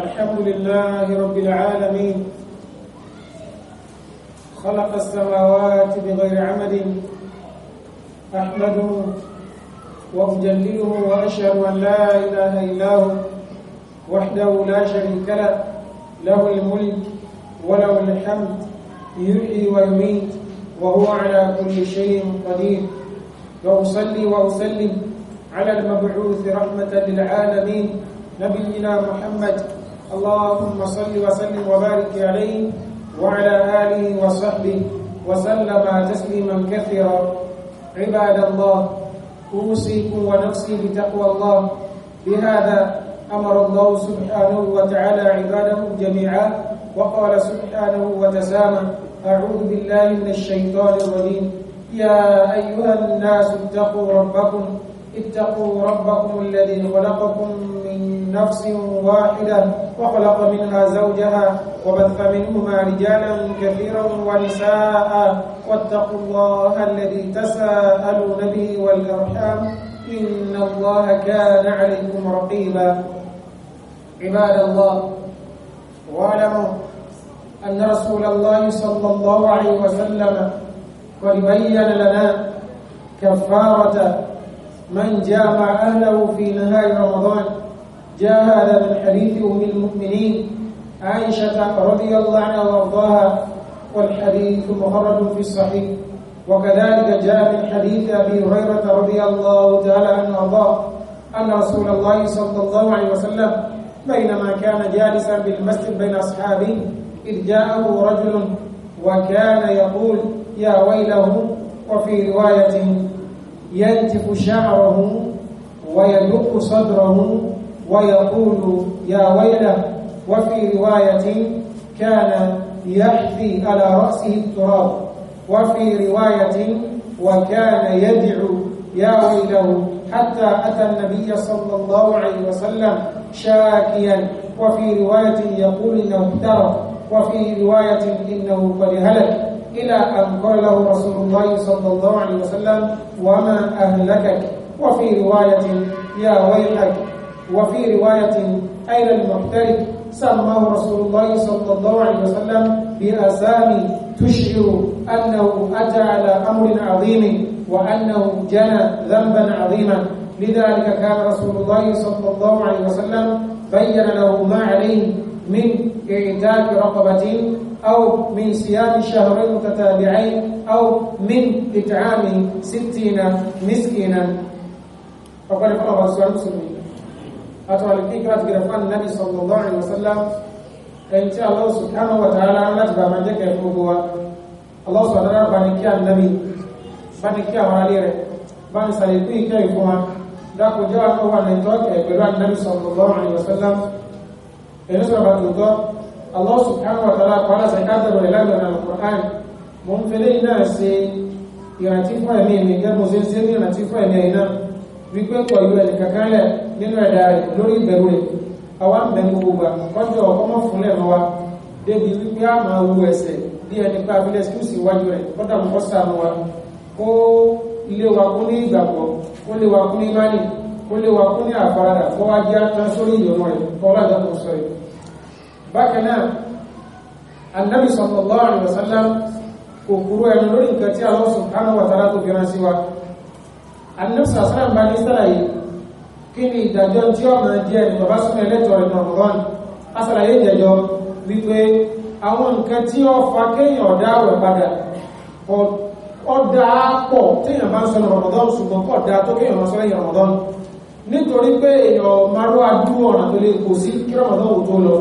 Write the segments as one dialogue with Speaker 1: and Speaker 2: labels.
Speaker 1: الحمد لله رب العالمين خلق السماوات بغير عمد أحمده وأجلله وأشهد أن لا إله إلا هو وحده لا شريك له له الملك وله الحمد يحيي ويميت وهو على كل شيء قدير وأصلي وأسلم على المبعوث رحمة للعالمين نبينا محمد اللهم صل وسلم وبارك عليه وعلى آله وصحبه وسلم تسليما كثيرا عباد الله أوصيكم ونفسي بتقوى الله بهذا أمر الله سبحانه وتعالى عباده جميعا وقال سبحانه وتسامى أعوذ بالله من الشيطان الرجيم يا أيها الناس اتقوا ربكم اتقوا ربكم الذي خلقكم من نفس واحدة وخلق منها زوجها وبث منهما رجالا كثيرا ونساء واتقوا الله الذي تساءلون به والأرحام إن الله كان عليكم رقيبا عباد الله واعلموا أن رسول الله صلى الله عليه وسلم قد بين لنا كفارة من جامع أهله في نهاية رمضان جاء هذا من حديث أم المؤمنين عائشة رضي الله عنها وارضاها والحديث مخرج في الصحيح وكذلك جاء من حديث أبي هريرة رضي الله تعالى عنه وارضاه أن رسول الله صلى الله عليه وسلم بينما كان جالسا بالمسجد بين أصحابه إذ جاءه رجل وكان يقول يا ويله وفي رواية ينتف شعره ويدق صدره ويقول يا ويله وفي رواية كان يحثي على رأسه التراب وفي رواية وكان يدعو يا ويله حتى أتى النبي صلى الله عليه وسلم شاكيا وفي رواية يقول إنه احترق وفي رواية إنه قد هلك إلى أن قال له رسول الله صلى الله عليه وسلم وما أهلكك وفي رواية يا ويلك وفي رواية أين المحترق سماه رسول الله صلى الله عليه وسلم بأسامي تشعر أنه أتى على أمر عظيم وأنه جنى ذنبا عظيما لذلك كان رسول الله صلى الله عليه وسلم بين له ما عليه من إعتاق رقبة أو من صيام شهرين متتابعين أو من إطعام ستين مسكينا فقال الله سبحانه وتعالى àtọ̀rọ̀ kí kíra ti gẹ̀rẹ̀ fún ànábì sallallahu alaihi wasallam ẹni tí Allah subhanahu wa ta'ala láti bàbá jẹ́ kẹ̀ gbogbo wa Allah subhanahu wa ta'ala bá ní kí ànábì bá ní kí àwọn alẹ́ rẹ̀ bá ní sàlékún ìkẹ́ ìfún wa dákò jẹ́ àwọn wà ní tọ́kẹ̀ pẹ̀lú ànábì sallallahu alaihi wasallam ẹni sọ̀rọ̀ bá tòótọ́ Allah subhanahu wa ta'ala pàdà sẹ̀kátàrò rẹ̀ lágbàrá al-Qur'an mo ń fẹ́lẹ́ iná ṣe ìrántí fún ẹ̀mí mi gẹ́gbọ́n ṣe ń ṣe ní ìrántí fún ẹ̀mí wípé kọ̀ ìlú ẹnì kankan lẹ̀ nínú ẹ̀dá rẹ̀ lórí ìbẹ̀rù rẹ̀ àwa ń bẹ̀rù gbogbo kọ́jọ́ ọkọ́mọ́ fúnlẹ̀ mọ́ wa débi wípé a máa wu ẹsẹ̀ bí ẹni pa abilẹ̀ skúùsì iwájú rẹ̀ kọ́dà mọ́ sàánú wa kó lé wa kún ní ìgbàgbọ́ kó lé wa kún ní mánì kó lé wa kún ní àfaradà kó wá jẹ́ atán sórí ìyọ̀nà rẹ̀ kọ́ lájọ́ kan sọ rẹ̀. bákan náà Annabi sallallahu alaihi wasallam kò kúrú ẹni lórí nǹkan tí Allah subhanahu wa tó fi rán wa àdínọ́sì àṣírà ń bá ní sàlàyé kí ni ìdájọ́ tí ọ̀nà jẹ́ ẹni bàbá súnmọ́ ẹlẹ́tọ̀ ẹ̀nà ọ̀rọ̀n àṣàlàyé ìdájọ́ wípé àwọn nǹkan tí ó fa kéèyàn ọ̀dá àwẹ̀ padà ọ̀dá pọ̀ téèyàn bá ń sọ Ramadan ṣùgbọ́n kọ̀ dá tó kéèyàn máa sọ lẹ́yìn Ramadan nítorí pé èèyàn marú adúrú ọ̀nà tó lè kò sí kí Ramadan ò tó lọ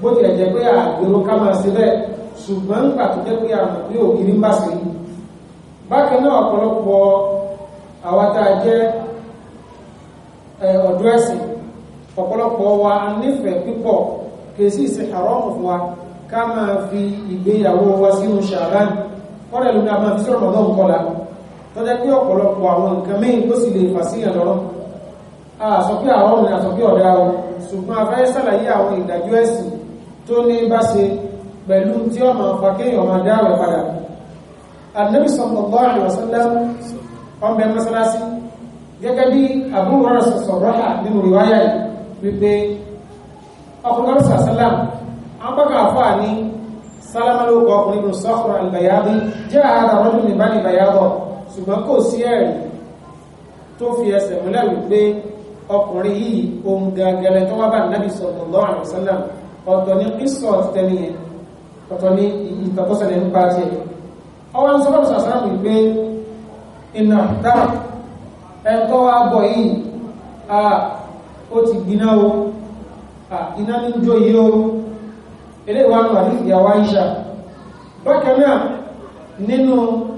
Speaker 1: bó tilẹ̀ jẹ́ pé àgbèrò ká máa ṣe bẹ́ẹ̀ ṣùgbọ́n nígbà tó jẹ́ pé àmọ̀ pé ògiri ń bà sí bákan náà ọ̀pọ̀lọpọ̀ àwọn tá a jẹ́ ọ̀dọ́ ẹ̀sìn ọ̀pọ̀lọpọ̀ wa nífẹ̀ẹ́ pípọ̀ kèsì sí àrọ́mù fún wa ká máa fi ìgbéyàwó wa sínú ṣàbán kọ́dẹ̀ lónìí a máa fi sọ̀rọ̀ mọ́tò nǹkọ́lá tọ́jẹ́ pé ọ̀pọ̀lọpọ̀ àwọn nǹkan míì tó sì lè fà sí ìrànlọ́rọ́ àsọ̀pẹ́ àrọ́mù ni àsọ̀pẹ́ ọ̀dá o ṣùgbọ́n afẹ́ sàlàyé àwọn ìdájọ́ ẹ̀sìn tó ní bá ṣe pẹ̀lú tí ọmọ àfàkéyàn máa dáàwẹ̀ padà Ànábì sallallahu alaihi ọmọ ẹ mọ́sálásí gẹ́gẹ́ bí àbúrò rẹ̀ sọ̀rọ̀ hà nínú ìwáyà yìí wípé ọkùnrin ọ̀sà sálám apákan àfáà ní sálámà ló kọ ọkùnrin nù sọ́kùnrin àlùbáyábí jẹ́ ààrẹ ọdún ní bá ní ìbáyábọ̀ ṣùgbọ́n kò sí ẹ̀rí tó fi ẹsẹ̀ múlẹ̀ wípé ọkùnrin yìí ohun gàgẹ̀rẹ̀ tó wá bá nàbì sallallahu alaihi wasallam ọ̀tọ̀ ní kristo tẹ́niyẹn ọ̀tọ̀ ní ìtọ́kọ́sẹ̀lẹ̀ nípa tiẹ̀ ọwọ́ ń sọ́kùnrin iná tán ẹ̀tọ́ wa bọ̀ yìí à ó ti gbiná o à iná ní jó yìí o eré wa nù àti ìyàwó Aisha bákan náà nínú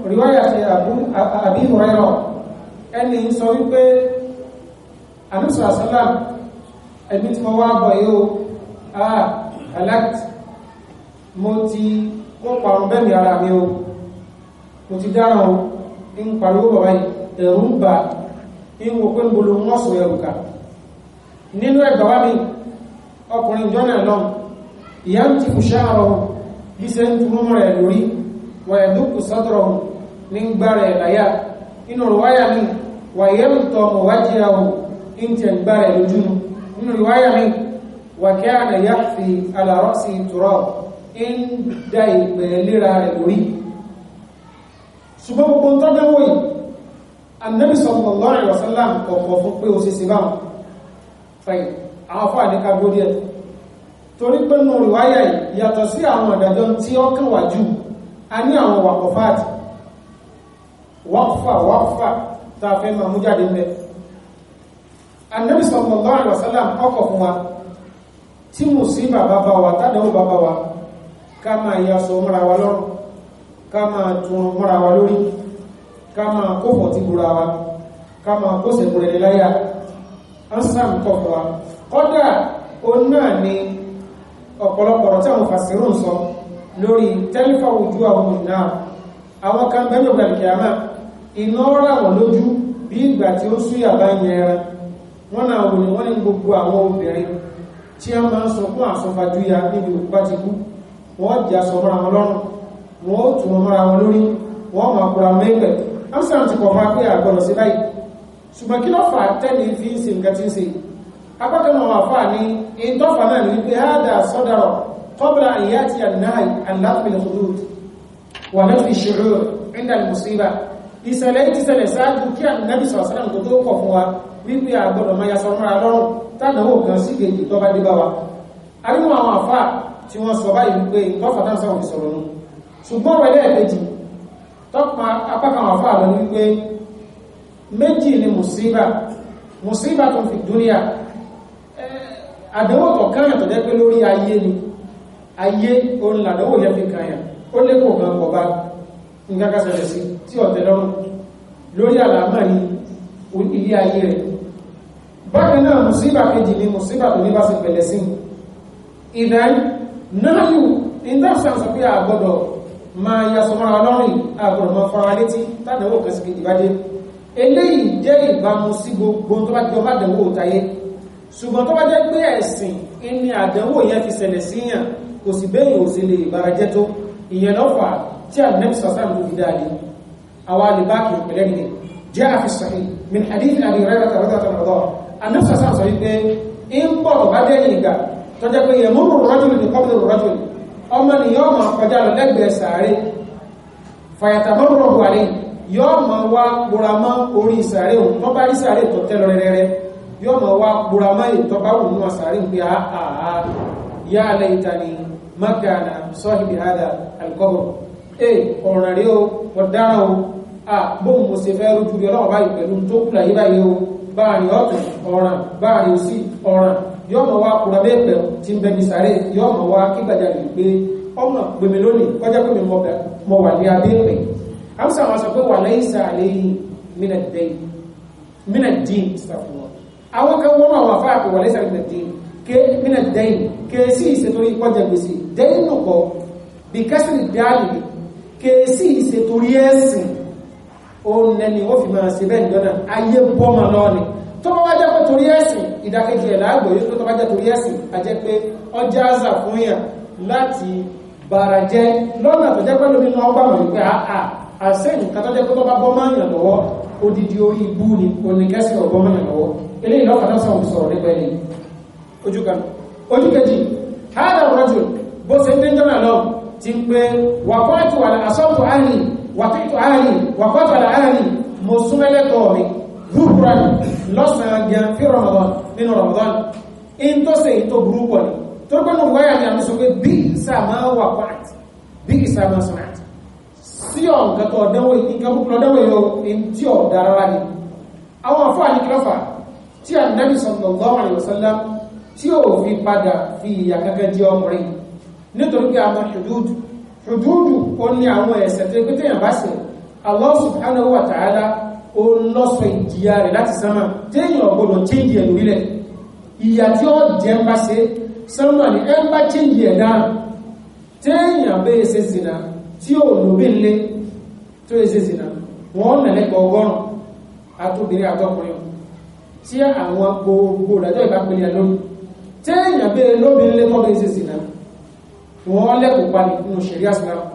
Speaker 1: rìwáyà ti àbí ìwọ̀rẹ́rọ̀ ẹni sọ wípé àdúsù àsálà ẹ̀mí tí mo wá bọ̀ yìí o à alert mo ti kópa ọ̀rùn bẹ́ẹ̀ mi ara mi o mo ti dára o ń pariwo bàbá yìí ẹ̀rù ń bà ń wo pé ń bolo wọ́n sọ ẹ̀rù ká nínú ẹ̀gbà wá mi ọkùnrin jọ́nà lọ́n ìyá ń ti kù ṣáàrọ̀ bí ṣe ń tún mọ́ rẹ̀ lórí wà ẹ̀dùnkù sọ́dọ̀rọ̀ ní gbá rẹ̀ láyà inú mi wà yẹ́ ń tọ́ mọ̀ wájí ahù ń tẹ̀ gbá mi wà kẹ́ àná yá fi àlàrọ́ sí tùrọ̀ ń da ìpẹ̀lẹ́ra rẹ̀ ṣùgbọ́n gbogbo tọ́dẹ̀wò yìí annabi sallallahu alaihi wasallam kọ̀kọ̀ fún pé o sì sí báwọn fẹ́yìn àwọn fún àdíkà gbódíẹ̀ torí pé nù ríwáyà yìí yàtọ̀ sí àwọn ìdájọ́ tí ó kàn wá jù a ní àwọn wàkọ̀fáàtì wàkọ̀fà wàkọ̀fà tá a fẹ́ máa mú jáde mẹ́ annabi sallallahu alaihi wasallam ọkọ̀ fún wa tí mo sí bàbá bá wa tádàwó bàbá wa ká máa yà sọ mọ́ra wa lọ́rùn ká máa tún mọ́ra wa lórí ká máa kó fọ̀ tí búra wa ká máa kó sẹ̀kúrẹ̀ ní láyà ansam kọ̀ fún wa kọ́dà ó náà ni ọ̀pọ̀lọpọ̀ ọ̀rọ̀ tí àwọn fàṣírùn sọ lórí tẹ́lifà ojú àwọn náà àwọn kan bẹ́ẹ̀ gbàlùkẹ́ àmà iná rà wọ́n lójú bí ìgbà tí ó súyà bá yẹn ẹran wọ́n náà wò ní wọ́n ní gbogbo àwọn obìnrin tí a máa ń sọ fún àsọfàjúya níbi òkú bá ti kú wọ́n jà sọ mọ́ra wọn wọ́n ó tún mọ́ra wọn lórí wọ́n mọ̀ àkúra mẹ́gbẹ̀ amsterdam ti kọ̀ọ̀fà pé àgbọ̀nà sí báyìí ṣùgbọ́n kí ló fà tẹ́lẹ̀ fi ń ṣe nǹkan tí ń ṣe apákan àwọn àfà ní ìtọ́fà náà ní wípé hádà sọ́dọ̀rọ̀ kọ́bùlà ìyá ti ànáì àlápìn hudud wà náà fi ṣòro ìdá musiba ìṣẹ̀lẹ̀ ti ṣẹlẹ̀ ṣáájú kí ànábì sọ̀sánà tó tó kọ̀ fún wa wípé àgbọ̀nà máa yasọ̀ mọ́ra lọ́rùn tánàwó kan sí kejì tó bá dé bá wa arínú àwọn àfà tí wọ́n sọ báyìí wípé ìtọ́fà náà sọ̀rọ̀ ṣùgbọ́n wọ́n lẹ́ẹ̀kejì tọ́pa apákan àwọn afáàlọ́ wípé méjì ni mùsíbà mùsíbà tó fi dúníà àdánwò kọ̀kánà tó jẹ́ pé lórí ayé ni ayé orin làdánwò yẹ fi kàyà ó lè kò gan kọba nǹkan kan ṣẹlẹ̀ sí tí ọ̀tẹ̀ lọ́rùn lórí àlàmà ni ilé ayé rẹ̀ bákan náà mùsíbà kejì ni mùsíbà tó ní bá sì pẹ̀lẹ̀ sí ìdáyí náà yù in that sense pé àgbọ́dọ̀ máa ya sọmọ́ra lọ́rìn àgbọ̀rọ̀mọ́ fara létí tàbíwò kẹsìkì ìbádé eléyìí jẹ́ ìbámu sí gbogbo tó bá jọ mádẹ̀wò tayé ṣùgbọ́n tó bá jẹ́ pé ẹ̀sìn ìní àdẹ̀wò yẹn fi ṣẹlẹ̀ síyàn kò sì bẹ́ẹ̀ ò sí lè ìbárajẹ́ tó ìyẹn lọ́fà tí àdínẹ́bí sàṣàm ló fi dáadé àwa lè bá kì í pẹ̀lẹ́ nìyẹn jẹ́ àfisàhìn min ọmọ ni yọ́ ma kọjá lọ lẹ́gbẹ̀ẹ́ sàárè fàyàtàmọ́rọ̀rọ̀ àrí yọ́ ma wá gbóramọ́ orí sàárè òun tó bá rí sàárè tó tẹ́lọ rẹ̀rẹ̀ yọ́ ma wá gbóramọ́ ètò bá wù nínú sàárè pé àà yá alẹ́ ìtàní mákàánà sọ́hìbì àdà alkọ́bọ̀ ẹ ọ̀ràn rí o ọ̀daràn o à bóun mo ṣe fẹ́ rojú rí ọlọ́wọ́ báyìí pẹ̀lú tó kù láyé báyìí o báàrin ọ̀tún ọ̀ràn báàrin òsì ọ̀ràn yóò mọ̀ wá kúrọ̀ bẹ́ẹ̀ pẹ̀lú tí ń bẹ mi sáré yóò mọ̀ wá kí gbàjà lè gbé ọmọ gbèmí lónìí kọjá pé mi mọ wà ní abẹ́ pẹ̀ amsa wọn sọ pé wà lẹ́yìn sàlẹ̀ yìí mínà dín sàfù wọn àwọn kan wọ́n àwọn afá àpè wà lẹ́yìn sàlẹ̀ dín ké mínà dẹ́yìn kèésì ìṣètòrí kọjá gbèsè dẹ́yìn nùkọ bí kásìrì dáàlì kèésì ìṣètòrí ẹ̀sìn òun nẹni ó fi máa ṣe bẹ́ẹ̀ tó bá wá jẹ́ pé torí ẹ̀sìn ìdákejì ẹ̀ láàgbọ̀ yóò tó bá jẹ́ torí ẹ̀sìn a jẹ́ pé ọjà àzà fún yàn láti bàrà jẹ lọ́nà tó jẹ́ pé lómi náà gbàmọ̀ wípé àà àṣẹ nǹkan tó jẹ́ pé tó bá bọ́ máa yàn lọ́wọ́ odidi orí ibú ni oníkẹ́sì ọ̀bọ́ máa yàn lọ́wọ́ eléyìí mi rúkúrà lọ́sàn-án gan fi Ramadan nínú Ramadan in tó ṣe èyí tó burú pọ̀ tó rí wáyà ni a mú sọ pé bí ìsàmá wà pàtì bí ìsàmá sọ̀rọ̀ sí ọ̀gá tó ọ̀dánwò nǹkan púpọ̀ ọ̀dánwò ìlò in tí ọ̀ dára ní àwọn afọ́ àníkílọ́fà tí a nẹ́bí sallallahu alaihi wasallam tí ó fi padà fi ìyà gẹ́gẹ́ jẹ́ ọmọrin nítorí pé àwọn ṣùdúdù ṣùdúdù ó ní àwọn Allah subhanahu wa ta'ala ó lọ́sọ̀ ìjìyà rẹ̀ láti sánmà téèyàn ọ̀gbọ́dọ̀ change ẹ̀ lórílẹ̀ ìyà tí ó jẹ́ bá ṣe sánmà ní ẹ bá change ẹ̀ dáa téèyàn bẹ́ ṣe sínà tí ó lóbi nlé tó ṣe sínà wọ́n nẹ̀lẹ́ gbọ́gọ́rùn atóbìnrin àtọkùnrin tí àwọn gbogbo ìdájọ́ ìbápẹ́lẹ̀ lórí téèyàn bẹ́ lóbi nlé tó bẹ́ ṣe sínà wọ́n lẹ́kọ̀ọ́ pa nínú ṣẹ̀ríà sílámù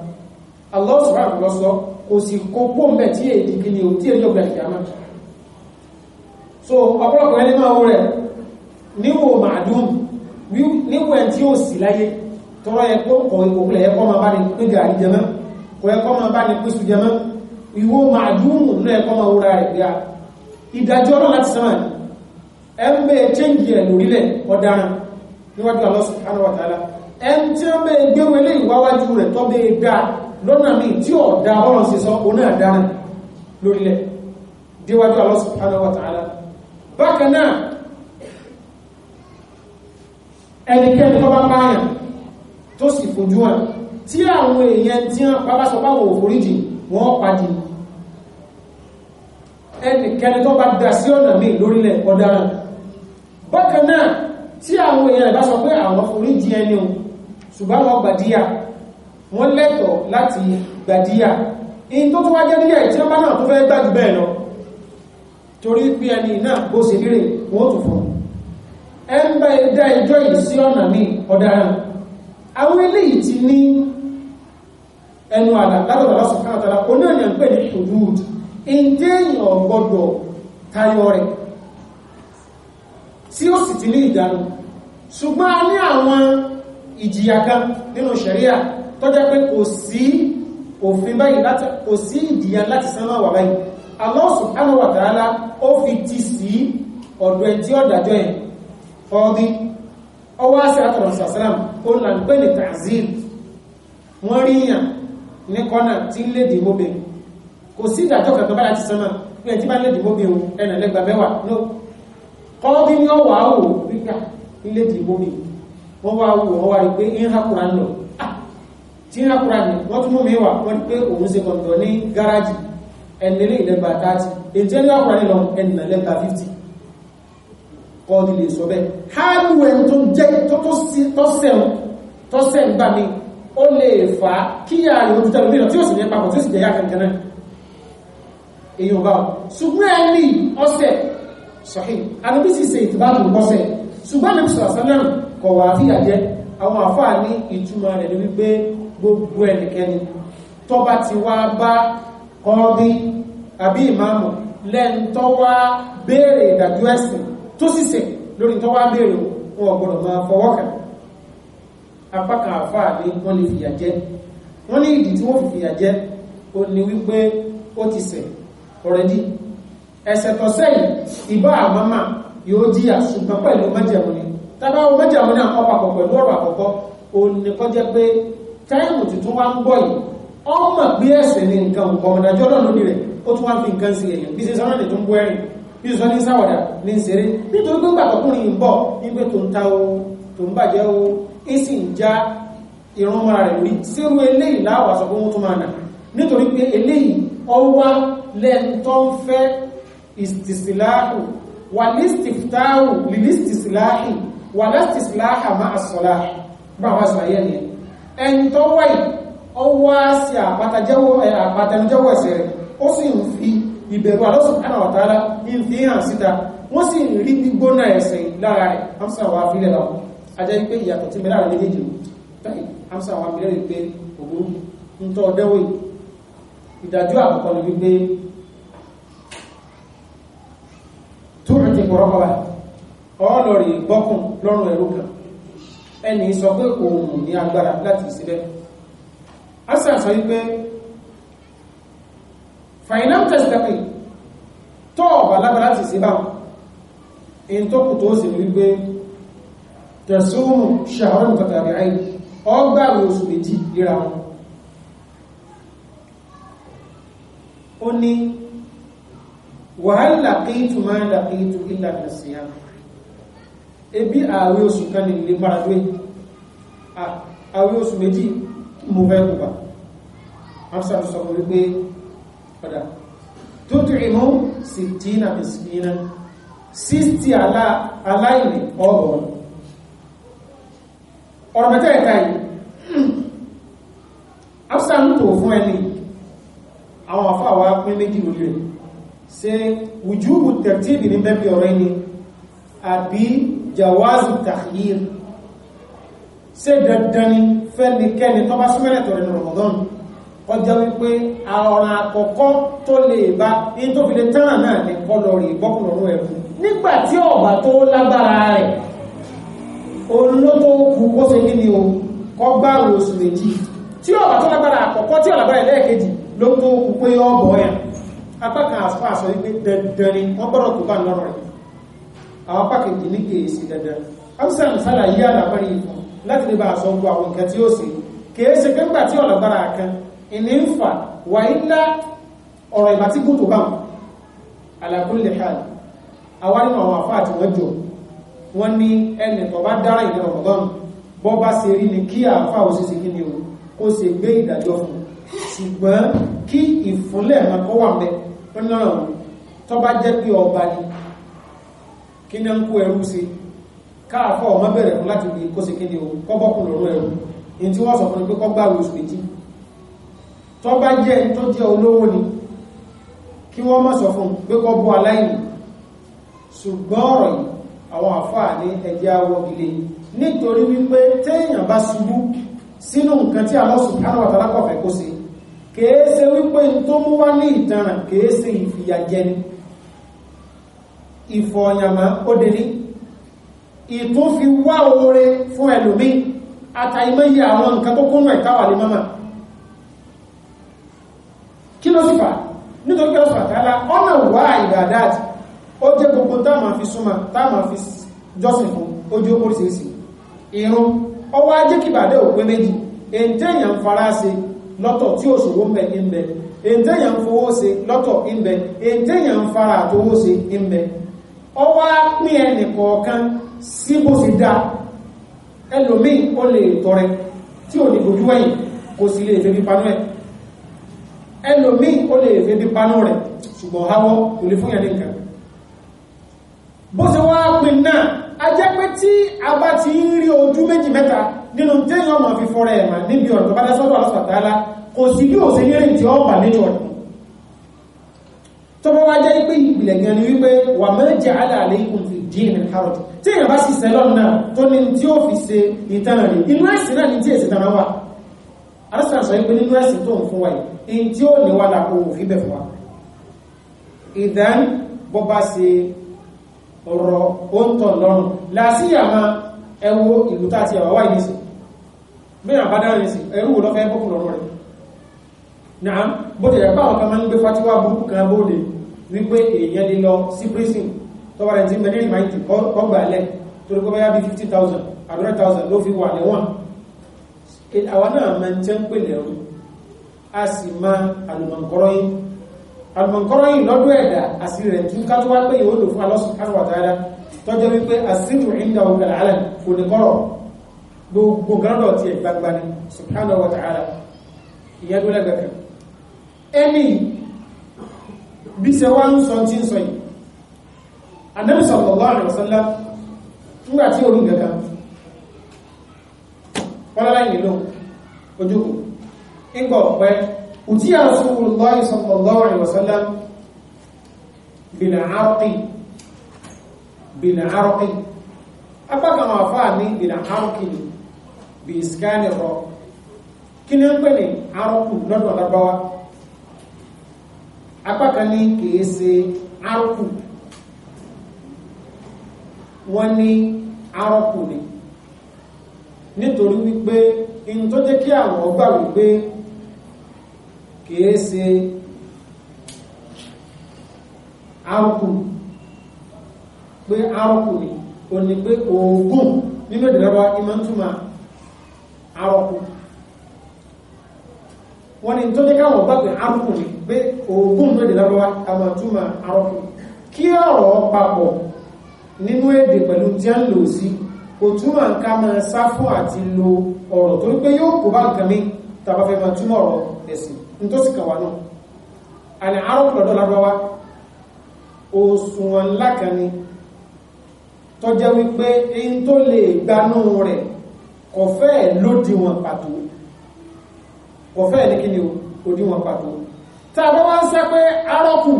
Speaker 1: Allah subhanahu wa ta'ala kò sì kó pọ́ǹbẹ̀ tí èdè kìíní ò tí èdè ọ̀gbẹ̀ ìyàmọ́ so ọ̀pọ̀lọpọ̀ ẹni máa wọ́n rẹ̀ níwò màdùn níwò ẹ̀ tí ó sì láyé tọrọ yẹ kó kọ̀ ìkòkòlẹ̀ yẹ kọ́ máa bá ní pín gàrí jẹmọ́ kọ̀ yẹ kọ́ máa bá ní pín jẹmọ́ ìwò màdùn ló yẹ kọ́ máa wúra rẹ̀ gbéra ìdájọ́ ọ̀rọ̀ láti sánmà ẹ̀ ń bẹ́ẹ̀ chẹ́ǹgì rẹ̀ lórílẹ̀ ọ̀daràn níwájú Allah subhanahu ẹni tí wọ́n bẹ́ẹ̀ gbé wọlé ìwáwájú rẹ̀ tọ́ bẹ́ẹ̀ dá lọ́nà mi tí ò dá ọ̀rọ̀ sí sọ òun náà dára lórílẹ̀ déwájú Allah subhanahu wa ta'ala bákan náà ẹnikẹ́ni tó bá pààyàn tó sì fojú hàn tí àwọn èèyàn tí wọ́n bá sọ báwọn òforíjì wọ́n pàdé ẹnikẹ́ni tó bá dá sí ọ̀nà mi lórílẹ̀ ọ̀daràn bákan tí àwọn èèyàn bá pé àwọn foríjì ẹni ohun ṣùgbọ́n wọn gbàdíyà wọ́n lẹ́tọ̀ láti gbàdíyà in tó tó wá jẹ́ díyà tí wọ́n bá náà tó fẹ́ gbàjú bẹ́ẹ̀ lọ torí pé ẹni náà bó ṣe rírè wọ́n tó fún ẹ ń bá ẹdá ẹjọ́ yìí sí ọ̀nà mi ọ̀daràn àwọn eléyìí ti ní ẹnu àlà látọ̀dọ̀ ṣùgbọ́n a ní àwọn ìjìyà kan nínú ṣẹ̀ríà tó jẹ́ pé kò sí òfin báyìí láti kò sí ìjìyà láti sánmà wà báyìí Allah subhanahu wa ta'ala ó fi ti sí ọ̀dọ̀ ẹni tí ó dájọ́ yẹn fọ́ọ́dí ọwọ́ àṣẹ àtọ̀rọ̀ sàsánàm ó là ń pè ní tazil wọ́n rí yàn ní kọ́nà ni ọwọ́ àwò wípé ilé dìbò mi wọ́n wá wù wọ́n wá rí pé ń hákùnrán lọ ah! tí ń hákùnrán ní wọ́n tún mú mi wà wọ́n pé òun ṣe kọ̀ǹtọ̀ ní gáràjì ẹnìlẹ́ ìlẹ́gbà 30 èyí tí ń hákùnrán lọ ẹnìlà lẹ́gbà 50 kọ́ọ̀dì lè sọ bẹ́ẹ̀ hálù ẹni tó jẹ́ tọ́sẹ̀ ń gbà mí ó lè fà á kíyà rẹ̀ ojú tẹ́lẹ̀ mìíràn tí ó sì ní papọ̀ tí ó sì jẹ́ yá kankan náà èyí ò bá ṣùgbọ́n ẹni ọ̀sẹ̀ sọ̀hìn ṣùgbọ́n ní sàṣánà kọ̀ wá sí àjẹ́ àwọn àfáà ní ìtumọ̀ rẹ̀ ní wípé gbogbo ẹnikẹ́ni tó bá ti wá bá kọ́ọ́bí àbí ìmáàmù lẹ́ni tó wá béèrè ìdájọ́ ẹ̀sìn tó sì sè lórí tó wá béèrè wọn ọ̀gbọ̀nà máa fọwọ́ kàn apá kan àfáà ní wọ́n lè fìyà jẹ yóò jíyà ṣùgbọ́n pẹ̀lú mẹ́jẹ̀mú ni tábà ó mẹ́jẹ̀mú ní àkọ́ papọ̀ pẹ̀lú ọ̀rọ̀ àkọ́kọ́ òun ni kọ́ jẹ́ pé táìmù tuntun wá ń bọ̀ yìí ọmọ bí ẹ̀sẹ̀ ní nǹkan nǹkan ọmọdájọ́ lọ́nà lórí rẹ̀ ó tún wá fi nǹkan sí ẹ̀yìn bí ṣe sọ́nà lè tún bú ẹ̀rìn bí ṣe sọ́ ní sáwọ̀dà ní ṣeré nítorí pé gbàtọ́kùnrin ń bọ̀ wípé tó ń ta o tó ń bàjẹ́ o ń sì ń já ìran mọ́ra rẹ̀ lórí sírú eléyìí láwà sọ pé wọ́n tún máa nà nítorí pé eléyìí ọwá lẹ́ntọ́ ń fẹ́ ìsìláàkù wàlísìftáwù lìlísìsìláhì wàlásìsìláhà máa sọ̀lá bá wá sọ̀rọ̀ yẹn ni ẹni tó wáyì ọwọ́ sí àpàtẹnujẹ́wọ́ ẹ̀sẹ̀ rẹ̀ ó sì ń fi ìbẹ̀rù alọ́sùnkánà ọ̀tàlá ní fi hàn síta wọ́n sì ń rí gbígbóná ẹ̀sẹ̀ lára rẹ̀ amsa wa fílẹ̀ lọ ajẹ́ pé ìyàtọ̀ tí mẹ́lára lè déjì amsa wa fílẹ̀ rẹ̀ pé òun ń tọ́ ọdẹ́wò ìdájọ́ àkọ́kọ́ ni wípé ti pọ̀rọ̀ kọba ọlọ́rì bọ́kùn lọ́rùn ẹ̀rú kan ẹni sọ pé òun ní agbára láti síbẹ̀ asa sọ wípé final testament tọ́ ọ̀bà lágbára láti síbà in tó kù tó sì wípé tẹ̀sùmù ṣàwọn tàbí àìyí ọgbà oṣù méjì ìra wọn wàhálà làkìtù máa ń làkìtù ilà nàṣíyà ebi ààwẹ̀ oṣù kan lè lè mara lóye ààwẹ̀ oṣù méjì mo fẹ́ kù bá hamsa sọ fún wípé padà tó tó ìmọ̀ sí dínà mẹ́sìnínà sísì aláìní ọ̀rọ̀ ọ̀rọ̀ mẹ́ta ẹ̀ta yìí hamsa ń tò fún ẹni àwọn àfáà wa pín méjì lórí rẹ̀ ṣe wùjúbù tẹ̀tíìbì ní bẹ́bí ọ̀rẹ́ ni àbí jawazu takhir ṣe dandan ni fẹ́nikẹ́ni tó bá súnmẹ́lẹ̀ tọ̀rẹ̀ ní Ramadan ọjọ́ wípé ọ̀ràn àkọ́kọ́ tó lè bá ní tó fi lè tẹ́ràn náà ní kọlọ rí bọ́kùnrin ẹ̀rù nígbà tí ọ̀bà tó lágbára rẹ̀ olótó se kí o kọgbàrò oṣù méjì tí ọ̀bà tó lágbára àkọ́kọ́ tí ọ̀làgbára ẹlẹ́ẹ̀kejì ló tó kú pé ọ̀bọ̀ apákan àfà àsọ wípé dandan ni wọ́n gbọ́dọ̀ tó bá lọ́rọ̀ yìí àwọn apákan kì ní kèé sí dandan amsa misala yí àlàbárí ìfún láti lè bá àsọ gbọ́ àwọn nǹkan tí ó sì kèé pé ńgbà tí ọ̀làgbára kan ìní ń fà wà ilá ọ̀rọ̀ ìbá tí kútù bá ala kulli hal àwọn nínú àwọn àfà àti wọ́n jọ wọ́n ní ẹnì tó bá dára ìlẹ̀ ọ̀gọ́rùn bọ́ bá ṣe rí ni kí àfà òṣìṣẹ́ kí ni o kó ṣe gbé ìdájọ́ fún ṣùgbọ́n kí ìfúnlẹ̀ máa kọ́ wà mẹ́ta wọ́n lọ́nà tó bá jẹ́ pé ọba ni kí ní ń kó ẹrú sí káàfọ́ ọmọ bẹ̀rẹ̀ fún láti bí kó sí kí ni o kọ́bọ́kùn lọ́rọ̀ ẹrú in tí wọ́n sọ fún pé kọ́gbà oṣù méjì tó bá jẹ́ tó jẹ́ olówó ni kí wọ́n má sọ fún pé kọ́ aláìní ṣùgbọ́n ọ̀rọ̀ yìí àwọn àfáà ní ẹjẹ́ awọ ilé nítorí wípé téèyàn bá ṣubú sínú nǹkan tí Allah subhanahu wa ta'ala fẹ́ kó sí ka ṣe wípé tó mú wá ní ìtanràn kèé ṣe ìfìyàjẹni ìfọ̀ọ̀yàmá ó dé ní ìtún fi wá oore fún ẹlòmí àtàìmọ́yí àwọn nǹkan tó kúnnù ẹ̀táwà lè mọ́mà kí ló sì fà nítorí pé ọ̀sán àtàlá o wà ìbàdáàtì ó jẹ́ gbogbo táàmà fi fi jọ́sìn fún ojú oríṣiríṣi irun ọwọ́ ajé méjì èyí lọ́tọ̀ tí ò ṣòwò mbẹ ìmbẹ èntẹ́yà ń fowó ṣe lọ́tọ̀ ìmbẹ èntẹ́yà ń fara àtowó ṣe ìmbẹ ọwọ́ pín ẹnì kọ̀ọ̀kan sí bó ṣe dáa ẹlòmíì ó lè tọrẹ tí ò ní gbójú ẹ̀yìn kò sì lè febi panú ẹ̀ ẹlòmíì ó lè febi panú rẹ̀ ṣùgbọ́n háwọ́ kò lè fún yẹn nìkan bó ṣe wá pín náà a jẹ́ pé tí a bá ti ń rí ojú méjì mẹ́ta nínú tẹ́yìn ọmọ fi fọ́rẹ̀ ẹ̀mà níbi ọ̀rọ̀ tó bá dásọ́dọ̀ alásọ̀tàálá kò sí bí òsè yẹ́rì tí ó bà nínú ọ̀rọ̀ tó bá wá jẹ́ pé ìpìlẹ̀ gan ni wípé wà mẹ́jẹ̀ aláàlẹ́ ikùn fi dín ní kárọ̀tì tí èèyàn bá sì sẹ́lọ̀ náà tó ní tí ó ni tí èsì tanà wà alásọ̀tà sọ pé nínú ẹ̀sìn tó ń fún wa yìí ọ̀rọ̀ ó ń tọ̀ lọ́rùn làásìyàmá ẹwọ ìlú tá a ti àwáwá bẹ́ẹ̀ àbádáyẹ̀ sí ẹrù wò lọ́fẹ́ bọ́kù lọ́rọ̀ rẹ̀ náà bó tẹ̀yẹ̀ pá ọ̀kan máa ń gbé fatiwa burúkú kan lọ sí prison tọ́wọ́ rẹ̀ ti mẹ́rin 50,000 100,000 lo fi wà lẹ́wọ̀n àwọn náà máa ń tẹ́ ń a sì máa àlùmọ̀ǹkọ́rọ́ yìí àlùmọ̀ǹkọ́rọ́ yìí lọ́dọ̀ ẹ̀dà àsìrì rẹ̀ gbogbo gánàdọ̀ ti gbangba ni subhanahu wa ta'ala ìyẹn tó lẹ́gbẹ̀ẹ́ ẹni bí ṣe wá ń sọ tí ń sọ yìí Ànábì sallallahu alaihi wasallam nígbà tí orí gẹ̀gà wọ́n láì nílò ojúkù ìgbà ọ̀pẹ́ òtí Rasulullahi sallallahu alaihi àwọn àfáà ní bìnàárọ́kì ni bí iskani rọ nkwenye arụkụ ó ń pè ní arọ́kù arụkụ apá kan ní kìí ṣe ní ni nítorí wípé in tó jẹ́ kí àwọn wípé kìí ni pé oògùn nínú ìmọ̀ arọ́kú wọ́n ni tó jẹ́ káwọn bá pẹ̀ arọ́kú ní pé oògùn mẹ́rin lọ́wọ́ àwọn túnmà arọ́kú kí ọ̀rọ̀ papọ̀ nínú èdè pẹ̀lú tí a ń lò sí kò túnmà ká máa sá fún àti lo ọ̀rọ̀ torí pé yóò kó bá nǹkan mi tàbá fẹ́ máa túnmọ̀ ọ̀rọ̀ ẹ̀sìn ní tó sì kà wá náà àní arọ́kú lọ́dọ̀ lọ́wọ́ òṣùwọ̀n ńlá kan ni tọ́jẹ́ wípé èyí tó lè gbanú rẹ̀ kọ̀fẹ́ lódiwọ̀n pàtó kọ̀fẹ́ ní kí ni òdiwọ̀n pàtó tàbí wọ́n sọ pé arọ́kù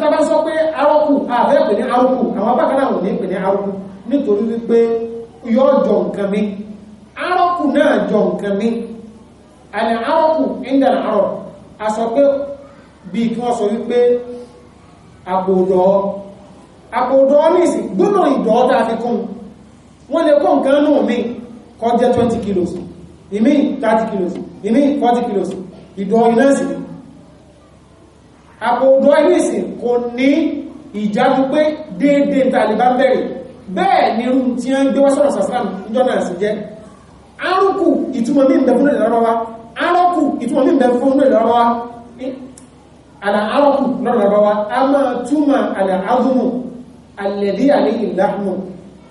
Speaker 1: tàbí sọ pé arọ́kù àfẹ́ pè ní arọ́kù àwọn apákanáà wọ́n ní pè ní arọ́kù nítorí wípé yóò jọ nǹkan mi arọ́kù náà jọ nǹkan mi àlẹ́ arọ́kù indian arọ́ a sọ pé bí kí wọ́n sọ wípé àpòdọ́ àpòdọ́ ní ìsìn gbóná ìdọ́ tá a fi kún un wọ́n lè kọ́ nǹkan náà mi kọ́ jẹ́ 20 kilos ìmí 30 kilos 40 kilos ìdọ̀ iná sí àpò òdọ̀ iná sí kò ní ìjájú pé déédé bẹ́ẹ̀ ni irú tí a ń gbé wáṣọ́rọ̀ sàsánù ìjọ náà sì jẹ́ arúkù ìtumọ̀ mí bẹ fún ìlọ́rọ̀wá arọ́kù ìtumọ̀ mí bẹ fún ìlọ́rọ̀wá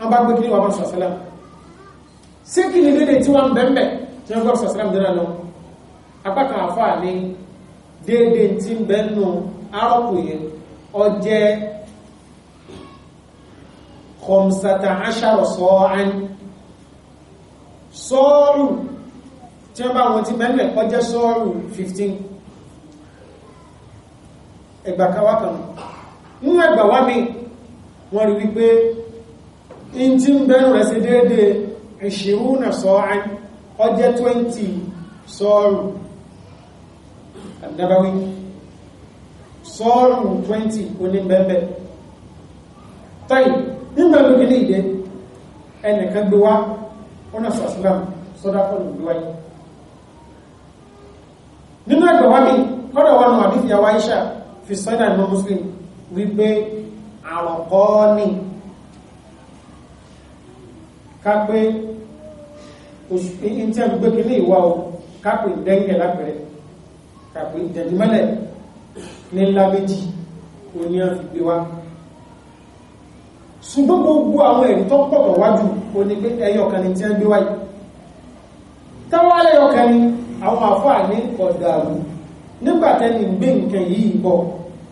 Speaker 1: wọ́n bá gbé kí ní wà bá sọ̀sẹ́lá sí kí ní dédé tí wọ́n bẹ̀m̀bẹ̀ tí wọ́n gbọ́ sọ̀sẹ́lá dára lọ apá kan àfà ní dédé tí ń bẹ̀ nù arọ́pù yẹn ọjẹ́ kọmsata aṣàrọ̀ sọ́ọ́án sọ́ọ̀rù tí wọ́n bá wọn ti bẹ̀m̀bẹ̀ ọjẹ́ sọ́ọ̀rù 15 ẹgbàkáwá kan nínú ẹgbàwá mi wọ́n rí wípé in ti ń bẹ̀rù rẹ̀ sí déédé ìṣirúnà sọ́ọ́rán ọjẹ́ 20 sọ́ọ̀rù àdábáwí sọ́ọ̀rù 20 oníbẹ̀ẹ̀bẹ̀ tàí nígbàlú ilé ìdẹ ẹnìkan gbé wá ọ̀nà sàṣìlám sọ́dápọ̀lù gbé wáyé nínú ẹgbẹ̀wá mi lọ́dọ̀ wọn nù àdífìyàwó Aisha fi sọ́dà ní Muslim wípé àwọ̀kọ́ ní ká pé ìtẹ́ gbé ní ìwà o ká pé ìdẹ́ngẹ̀ lápẹ̀rẹ̀ ká pé ìtẹ̀dímọ́lẹ̀ ní ńlá méjì ó ní a fi gbé wá ṣùgbọ́n gbogbo àwọn ẹ̀rí tó pọ̀ wájú o ní pé ẹyọkan ni tí a gbé wáyé táwọn ẹyọkan ni àwọn àfáà ní ọ̀dàrú nígbàtẹ́ni gbé nǹkan yìí bọ̀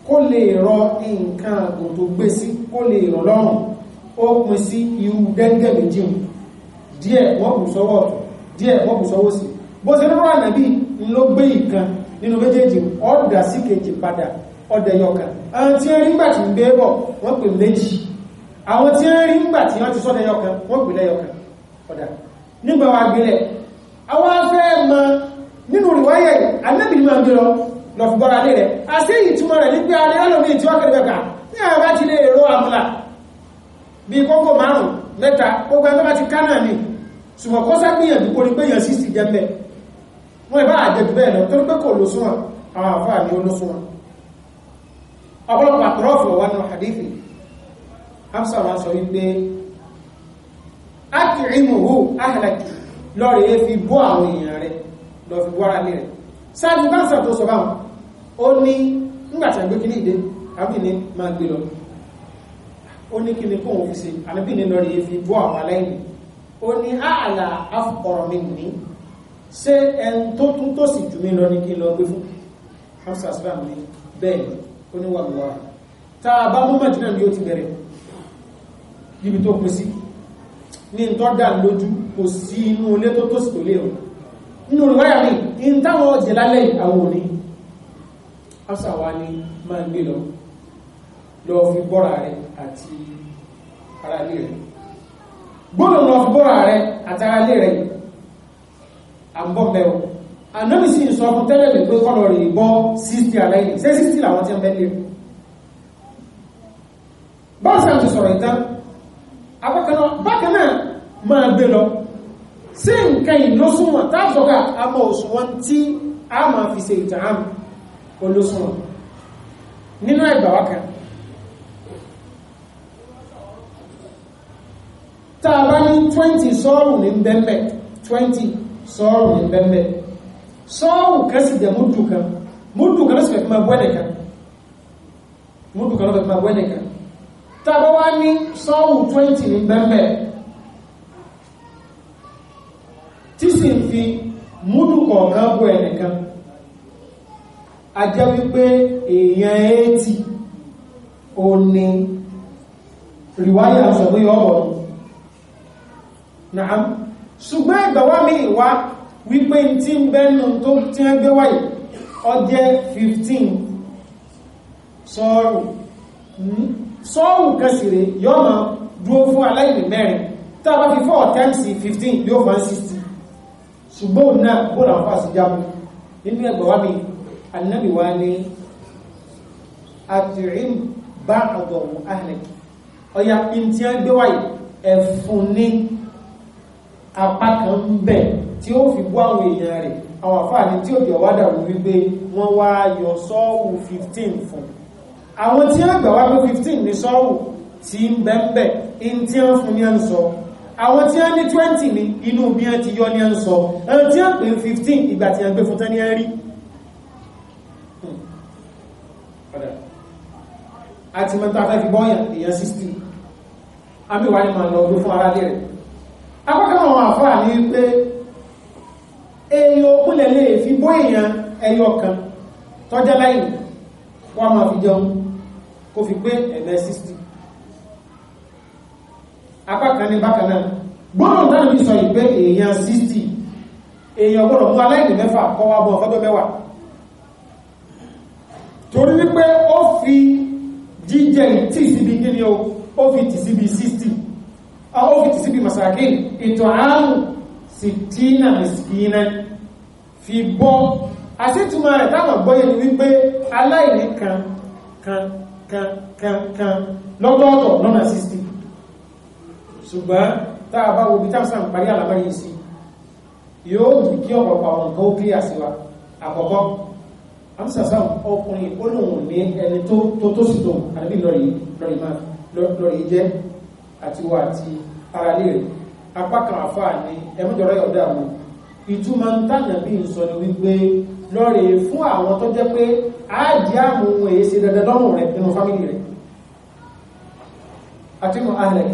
Speaker 1: kó lè rọ nǹkan àgbò tó gbé sí kó lè rọ lọ́rùn ó pin sí irú dẹ́ngẹ̀ méjì hùn díẹ̀ wọ́n kù sọ́wọ́ ọ̀tún díẹ̀ wọ́n kù sọ́wọ́ sí bó ṣe lọ́rọ̀ ànàbí ló gbé ìkan nínú méjèèjì ọ̀dà sí kejì padà ọ̀dà yọkan àwọn tí ń rí ńgbà tí ń gbé bọ̀ wọ́n pè méjì àwọn tí ń rí ńgbà tí wọ́n ti sọ́dà yọkan wọ́n pè lẹ́yọkan ọ̀dà nígbà wa gbélẹ̀ àwọn afẹ́ mọ nínú ìwáyẹ̀ ànàbí máa ń gbé lọ lọ fi bọ́ra lé rẹ̀ àṣẹ ìtumọ̀ rẹ̀ ní pé alẹ́ lọ́lọ́mí tí wọ́n kẹ́rẹ́ bẹ̀ka ní àwọn bá ti lè ro àmúlà bí kókò márùn mẹ́ta gbogbo ẹgbẹ́ bá ti ká náà ni ṣùgbọ́n kó ságbìyànjú orí pé yàn sí sì jẹ mẹ́ wọ́n ìbá àjẹjù bẹ́ẹ̀ lọ torí pé kò ló súnmọ́ àwọn àfáà ní olóṣùnmọ́ ọ̀pọ̀lọpọ̀ àtọ́rọ̀fù ọ̀wá nù hadithi hamsa wọn sọ wípé áti ìmùhù ahìlẹ̀kì lọ́rẹ̀ yẹ fi bọ́ àwọn èèyàn rẹ̀ lọ fi bọ́ra lé rẹ̀ sáájú bá ń sàtó sọ báwọn ó ní ńgbàtàgbé kí ní ìdé àbí ní máa gbé lọ ó ní kí ni kó òun fi ṣe ànábì nínú rẹ̀ fi bọ́ àwọn aláìní ó ní ààlà afọ̀rọ̀ mi ní ṣé ẹni tó tún tó sì jù mí lọ ní kí lọ gbé fún hamsa islam ní bẹ́ẹ̀ ó ní wàlúwà tá a bá mú mẹ́jìnà ni ó ti bẹ̀rẹ̀ níbi tó pín sí ní tọ́dà lójú kò sí inú ilé tó tó sì tó lé o nínú ìwáyà mi in táwọn ọjẹ́ lálẹ́ àwọn òní hamsa wa ni máa ń gbé lọ lọ fi bọ́ra rẹ̀ àti ara ilé rẹ̀ gbọ́dọ̀ lọ bọ́ra rẹ̀ àti ara ilé rẹ̀ àbọ̀bẹ̀wò ànábì sí ìsọ fún tẹ́lẹ̀ lè pé kọ́lọ̀ rẹ̀ bọ́ 60 aláìní ṣé 60 làwọn tí ń bẹ́lẹ̀ báṣà ti sọ̀rọ̀ ìtàn bákan náà máa gbé lọ sí nǹkan ìlọ́sùnmọ̀ táàfọ́gà àmọ́ òṣùwọ̀n tí a máa fi ṣe ìtàn àmì olóṣùwọ̀n nínú ẹgbàwákan tá a bá ní twenty sọ́ọ̀rù ní bẹ́ẹ̀bẹ́ twenty sọ́ọ̀rù ní bẹ́ẹ̀bẹ́ sọ́ọ̀rù kan sì jẹ́ múdù kan múdù kan lọ́sì fẹ́ẹ́ máa bọ́ ẹ̀dẹ̀ kan múdù kan lọ́sì fẹ́ẹ́ máa bọ́ ẹ̀dẹ̀ kan tá a bá wá ní sọ́ọ̀rù twenty ní bẹ́ẹ̀bẹ́ tí sì ń fi múdù kọ̀ọ̀kan bọ́ ẹ̀dẹ̀ kan a jẹ́ wípé èèyàn eighty òní rìwáyà sọ pé ọ̀rọ̀ nàám ṣùgbọ́n ìgbàwà mi ìwá wípé tí ń bẹ́nu tó tí ń gbé wáyé ọjẹ́ 15 sọ́ọ̀rù hmm. sọ́ọ̀rù kẹsìrè yọ́ ma dúró fún aláìlè mẹ́rin tá a bá fi 4 times 15 yóò fa 60 ṣùgbọ́n náà bóòlù àwọn fásitì jábọ̀ nínú ìgbàwà mi annabi wa ni àtìrìm bá àdọ̀wọ̀ ahlẹ̀ ọya ìntí ń wáyé ẹ̀fún ní apá kan ń bẹ̀ tí ó fi bú àwọn èèyàn rẹ̀ àwọn àfáàní tí òjò wá dàrú wípé wọ́n wá yọ sọ́ọ̀wù 15 fún àwọn tí wọ́n gbà wá pé 15 ni sọ́ọ̀wù tí ń bẹ́ẹ̀ in tí wọ́n fún ní ẹ̀ ń sọ àwọn tí wọ́n ní 20 ni inú bí wọ́n ti yọ ní ẹ̀ ń sọ ẹni tí wọ́n pè 15 ìgbà tí wọ́n gbé fún tán ní ẹ̀ rí àti mẹ́ta fẹ́ fi bọ́yàn èèyàn 60 àmì wà ní màá lọ ọdún fún aráàlú rẹ̀ akọ́kọ́ àwọn àfà ní pé èyàn òkúnlẹ̀ lè fi bó èyàn ẹyọ kan tọ́já láì wọ́n máa fi jẹun kó fi gbé ẹ̀mẹ́ 60 apákan ní bákan náà gbọ́nà náà ní sọ ìgbé èyàn 60 èyàn gbọ́nà mú aláìní mẹ́fà kọ́ wá torí wípé ó fi jíjẹ ìtì síbi kí ni ó fi tì síbi أو في تسبي مساكين إطعام ستين fibo في بو àṣètùmọ̀ rẹ̀ táwọn gbọ́yẹ ni wípé aláìní kan kan kan kan kan lọ́dọ̀ọ̀tọ̀ lọ́nà 60 ṣùgbọ́n táà bá wo bí táàsà ń parí àlàbáyé sí yóò jù kí ọ̀pọ̀pọ̀ àwọn nǹkan ó kí àṣíwá àkọ́kọ́ amsasam ọkùnrin olóhùn ní ẹni tó tó sì tó àdébí lọ́rì jẹ́ àti wà àti aráalé rẹ̀ apá kan àfáà ní ẹmújọrọ ọ̀dà mu ìtumọ̀ ń tànà bí n sọ ni wípé lọ́rẹ̀ fún àwọn tó jẹ́ pé áàjì àmú ohun èyí ṣe dandan lọ́rùn rẹ̀ nínú fámìlì rẹ̀ àti nù ahlẹ̀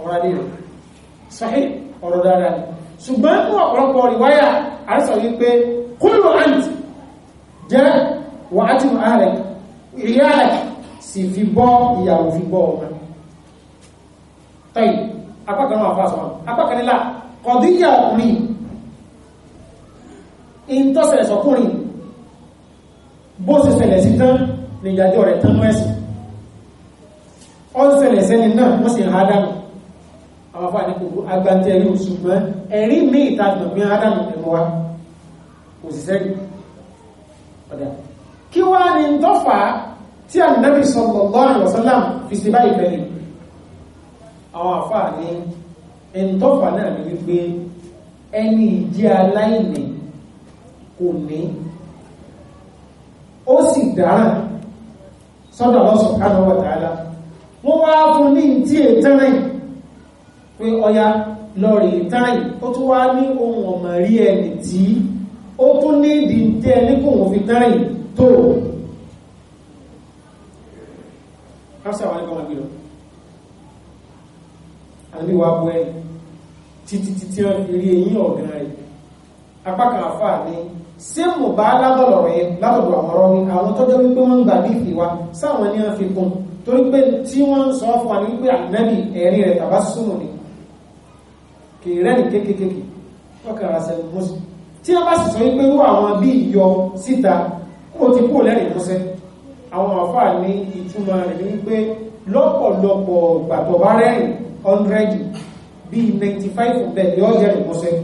Speaker 1: ọ̀rọ̀ adé rẹ̀ sahih ọ̀rọ̀ dáadáa ni ṣùgbọ́n mú ọ̀pọ̀lọpọ̀ rìwáyà a wípé kúlù àǹtì jẹ́ wà ti nù ahlẹ̀ ìyá rẹ̀ sì fi bọ́ ìyàwó fi bọ́ ọmọ tọ́yì apákan náà fà sọ́nà apákan nílá kọ̀díyà ọkùnrin in tó ṣẹlẹ̀ sọkùnrin bó ṣe ṣẹlẹ̀ sí tán ní ìyàjọ́ rẹ̀ tán mẹ́sì ó ń ṣẹlẹ̀ sẹ́ni náà wọ́n sì ń ha dánù àwọn afá ní gbogbo agbantẹ́rí ṣùgbọ́n ẹ̀rí mi ìtajù mi ha dánù ẹ̀mọ́ wa kò sì sẹ́ni ọ̀dà kí wá ní tọ́fà tí ànábì sallallahu alaihi wasallam fi ṣe báyìí bẹ̀rẹ̀ àwọn àfáà ní ẹni tọ́fà náà ní wípé ẹni ìjẹ́ aláìní kò ní ó sì dáràn sọ́dọ̀ Allah subhanahu wa ta'ala wọ́n wá fún ní tí ètẹ́rìn pé ọya lọ́rì ìtẹ́rìn ó tún wá ní ohun ọmọ rí ẹni tí ó tún ní ìdí ẹni kò wọ́n fi tẹ́rìn tó Assalamu alaikum àníwá bu ẹ títí títí wọn fi rí eyín ọ̀gá rẹ̀ apá kan àfa ni ṣé mo bá lábọ̀lọ̀ rẹ̀ látọ̀dọ̀ àwọn ọ̀rọ̀ mi àwọn tọ́jọ́ wípé wọ́n ń gbà bí ìwà sáwọn ní wọn fi kún torí pé tí wọ́n ń sọ fún wa ní wípé ànábì ẹ̀rí rẹ̀ tàbá súnmù ni kì í rẹ́ni kékékéèké wọ́n kàrà sẹ́nu mọ́sí tí wọ́n bá sì sọ wípé wọ́n àwọn bí ìyọ síta kó ti kó lẹ́rìn mọ́sẹ́ àwọn àfáà ní ìtumọ̀ rẹ̀ ní wípé lọ́pọ̀lọpọ̀ gbàtọ̀ bá rẹ́rìn hundred be ninety five bẹ́ẹ̀ yọ jẹ́ ìmọ̀sẹ̀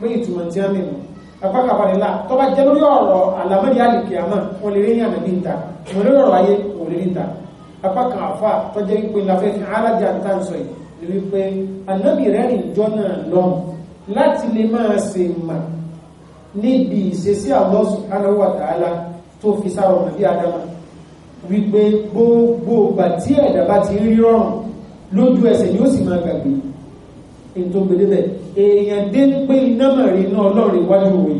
Speaker 1: pé ìtumọ̀ tí a mìíràn apákàbalẹ̀ la tó bá jẹ́ lórí ọ̀rọ̀ àlàmọ́dé àlèkè àmọ́ wọn lè rí yàn nàbí ìta wọn lórí ọ̀rọ̀ ayé wọn lè rí ìta apákan àfa tó jẹ́ wípé lafẹ́ fi arájà ń tàn sọ yìí ni wípé ànábì rẹ̀ rìn jọ náà lọ láti lè máa ṣe ma. níbi ìṣesí Allah subhanahu wa ta'ala tó fi sára ọ̀nà bí adama wípé gbogbo ìgbà tí ẹ̀dá bá ti rí rọrùn lójú ẹsẹ̀ ni ó sì máa gbàgbé ní tó gbélé bẹ̀ èèyàn dé ń pé iná mẹ́rin iná ọlọ́rin iwájú òwe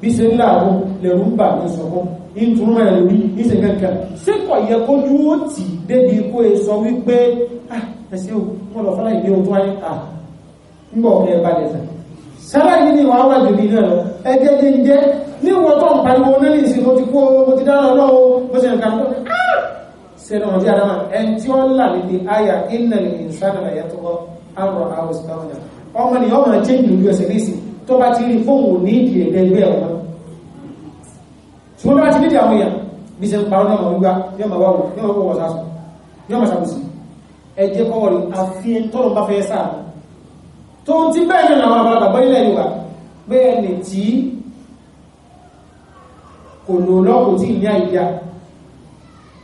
Speaker 1: bí ṣe ń láàárọ̀ lẹ̀rú ń bà ní sọ́kọ́ nítorí mẹ́rin lórí níṣẹ́ kankan ṣé kò yẹ kójú ó tì débi kó e sọ wípé ah ẹ̀sìn o wọ́n lọ fọ́lá ìdí ojú ayé ah ń bọ̀ ẹ̀ balẹ̀ sàn sára yìí ni wàá wájú mi náà lọ ẹ̀jẹ̀ jẹ́ ń jẹ́ ní ìwọ̀n tó ń pariwo náà ní ìsìn mo ti kó mo ti dáná lọ́wọ́ bó ṣe nǹkan tó sẹ́nu ọ̀bí adama ẹni tí ó là ní ti àyà iná lè ní sánà àyà tó kọ́ àrùn àwọn ìsìláwọ̀nà ọmọ ni ọmọ jẹ́ ìlú ẹsẹ̀ ní ìsìn tó bá ti rí fóònù ní ìdí ẹgbẹ́ ẹgbẹ́ ọmọ tí wọ́n bá ti rí àwọn èèyàn bí ṣe ń parọ́ náà wíwá yóò máa wáwò yóò máa wọ́wọ́ sásùn yóò máa ṣàkóso ẹjẹ́ kọ́wọ́ rí àfihàn tọ́lọ́ bá fẹ́ sáà tó ń ti bẹ́ẹ̀ náà àwọn àbálàbà bọ́ ilẹ̀ Yorùbá bẹ́ẹ̀ ni tí kò lò lọ́kùn tí ìní àyíká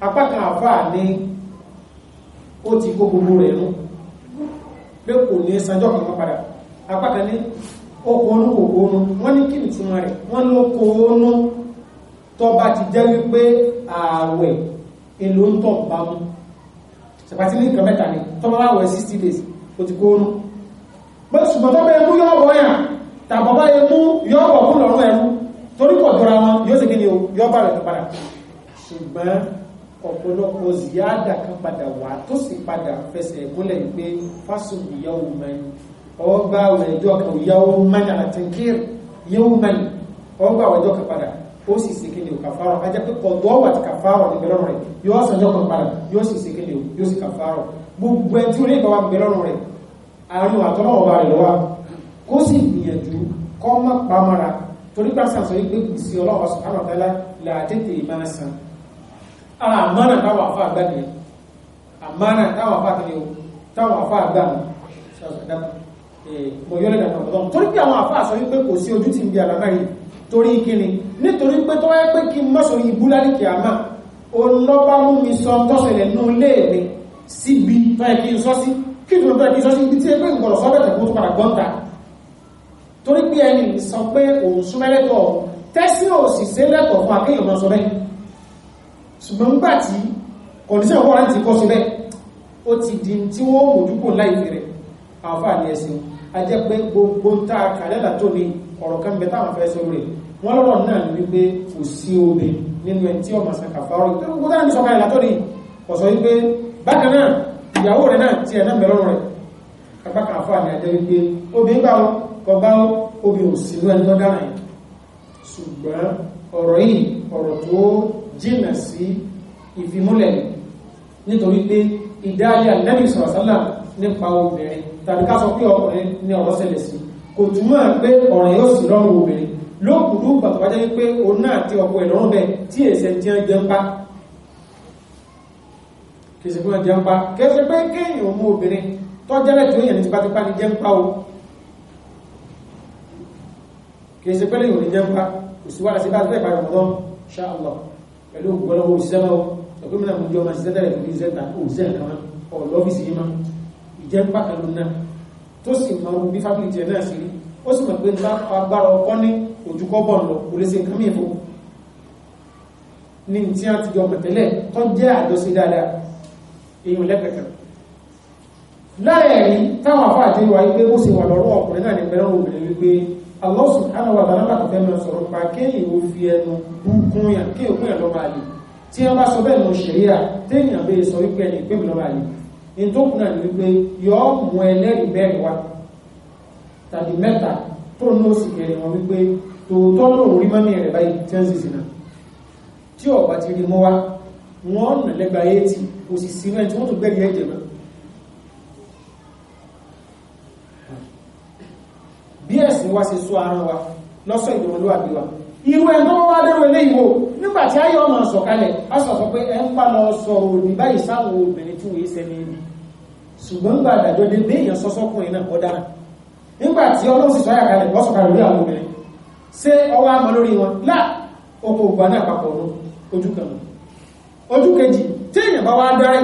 Speaker 1: apá kan àfáà ní ó ti kó gbogbo rẹ̀ nù pé kò ní sanjọ́ kankan padà apá kan ní okò onú kò kóónú wọ́n ní kíni tí wọ́n rẹ̀ wọ́n ló kóónú tó bá ti jẹ́ wípé ààwẹ̀ èlò ń tọ̀ bá mú ṣàpàtí ní nǹkan mẹ́ta ni tó bá wẹ̀ 60 days ó ti kóónú bó ṣùgbọ́n tó bá ẹmú yọ́ọ̀bọ̀ yàn tàbọ̀ bá ẹmú yọ́ọ̀bọ̀ kú lọ́rùn ẹmú torí kọ̀ dọ́ra wọn yóò ṣe kí ni o yọ́ọ̀bà rẹ̀ padà ṣùgbọ́n ọ̀pọ̀lọpọ̀ ziyada kan padà wà tó sì padà fẹsẹ̀ gúnlẹ̀ pé fásùn ìyàwó mẹ́ni ọgbà ọ̀rẹ́jọ́ kan ìyàwó mẹ́ni àtẹ̀kír ìyàwó mẹ́ni ọgbà ọ̀rẹ́jọ́ kan padà ó sì sì kéde kàfàrọ̀ ajá pé kọ̀dọ̀ wà ti kàfàrọ̀ ní bẹ̀rọ̀ rẹ̀ yóò sànjọ́ kan padà yóò sì sì kéde yóò sì kàfàrọ̀ gbogbo ẹ̀ tí ó lè bá wa bẹ̀rọ̀ rẹ̀ àárín àtọ́nà ọba ara àmánà táwọn afá àgbà nìyẹn àmánà táwọn afá kìíní o táwọn afá àgbà mi ṣàṣàdàmù mọ̀ yọ́lẹ̀ dàgbà ọ̀dọ́ torí pé àwọn afá sọ wípé kò sí ojú ti ń bi àlàmà yìí torí kíni nítorí pé tó wáyé pé kí n mọ́ sórí ibú lálẹ́kì àmà olọ́bá mú mi sọ tọ́sẹ̀lẹ̀ nú lé mi síbi tọ́yẹ kí n sọ sí kí n tọ́yẹ kí n sọ sí ibi tí ẹgbẹ́ ìgbọ̀rọ̀ sọ bẹ̀tẹ̀ kó tó padà gbọ́ǹta torí pé ẹni sọ pé òun súnmẹ́lẹ́tọ̀ tẹ́sí òsì sí lẹ́tọ̀ fún akéèyàn máa sọ bẹ́ẹ̀ ṣùgbọ́n nígbà tí kọ̀díṣẹ́ wọ́n láti kọ́ sí bẹ́ẹ̀ ó ti di tí wọ́n mójúkò láìpẹ́ rẹ̀ àfáà ní ẹ̀sìn a jẹ́ pé gbogbo tá a kà lẹ́là tó ní ọ̀rọ̀ kan bẹ táwọn fẹ́ sọ rẹ̀ wọ́n lọ́rọ̀ náà ní wípé kò sí obe nínú ẹ̀ tí ọmọ sàkàfà ọ̀rọ̀ tó gbogbo táwọn sọ kalẹ̀ látó ní ọ̀sọ̀ wípé bákan náà ìyàwó rẹ̀ náà ti ẹ̀nà mẹ́rọ̀ rẹ̀ kápákà àfáà ní a jẹ́ wípé obi ń bá ọ kọ bá ọ obi ò sí lẹ́nu lọ́dá rẹ̀ ṣùgbọ́n ọ̀rọ̀ yìí ọ̀rọ̀ tó jìnà sí ìfimúlẹ̀ nítorí pé ìdáyà lẹ́bí sọ̀rọ̀sálà nípa obìnrin tàbí ká sọ pé ọkùnrin ní ọ̀rọ̀ ṣẹlẹ̀ sí kò túmọ̀ pé ọ̀ràn yóò sì rọrùn obìnrin lókùnrú gbàtọ̀wájẹ́ wípé òun náà ti ọkọ̀ ìlọ́rùn bẹ̀ tí èsẹ tí ó jẹ ń pa kèsì fún ọjẹ́ ń pa kèsì pé kéèyàn mú obìnrin tó jẹ́rẹ̀ tí ó yẹ̀ ní tipátipá ní jẹ́ ń pa o kèsì pé lè yòó ní jẹ́ ọ̀gbẹ́mìnà mú jọ ma ṣiṣẹ́ tẹ́lẹ̀ fún ìṣẹ́ta kò ṣe nǹkan mọ́ ọ̀lọ́fíìsì yìí mọ́ ìjẹ́ ń pàkàlù náà tó sì mọ bí fábílì tiẹ̀ náà sí rí ó sì mọ̀ pé nípa agbára ọkọ́ ní òjúkọ́ bọ̀ lọ kò lè ṣe nǹkan mìíràn fún ní tí a ti jọ mọ̀tẹ́lẹ̀ tó jẹ́ àjọṣe dáadáa èèyàn lẹ́pẹ̀kan lára táwọn afá àti ìwà wípé ó ṣe wà lọ́rọ̀ ọkùnrin náà ní pẹ̀lú obìnrin wípé Allah subhanahu wa ta'ala fẹ́ mọ̀ sọ̀rọ̀ pa kéèyàn ó fi ẹnu bú kún yàn kéèyàn kún yàn lọ́ba àlè tí wọ́n bá sọ bẹ́ẹ̀ lọ ṣẹ̀ríà téèyàn bẹ́ẹ̀ sọ wípé ẹni ìpé ìlọ́ba yìí ní tó kùnà ní wípé yọ mú ẹlẹ́rìí bẹ́ẹ̀ wá tàbí mẹ́ta tó ní ó sì kẹrin wọn wípé tòótọ́ lòun rí mọ́mí rẹ̀ báyìí tí wọ́n sì sì nà tí ọba ti rí mọ́ wá wọ́n nà lẹ́gba éètì kò sì sí rẹ̀ tí wọ́n tún gbẹ̀rẹ̀ ẹ̀jẹ̀ náà bí ẹ̀sìn wa ṣe sọ ara wa lọ́sọ̀ ìdọ̀wọ́lúwàbí irú ẹni tó wá lérò ilé ìwò ayé ọmọ kalẹ̀ a sọ sọ pé ẹ ń pa lọ sọ̀rọ̀ òdì báyìí sáwọn obìnrin tí wòye sẹ́ni ibi ṣùgbọ́n gba àdàjọ́ dé bí èèyàn sọ́sọ́kùnrin náà
Speaker 2: ọlọ́run sì kalẹ̀ lórí àwọn obìnrin
Speaker 1: ṣé ọwọ́ àmọ́ lórí wọn lá oko ògbà náà papọ̀ ojú kan ojú kejì tí èèyàn bá wá dárí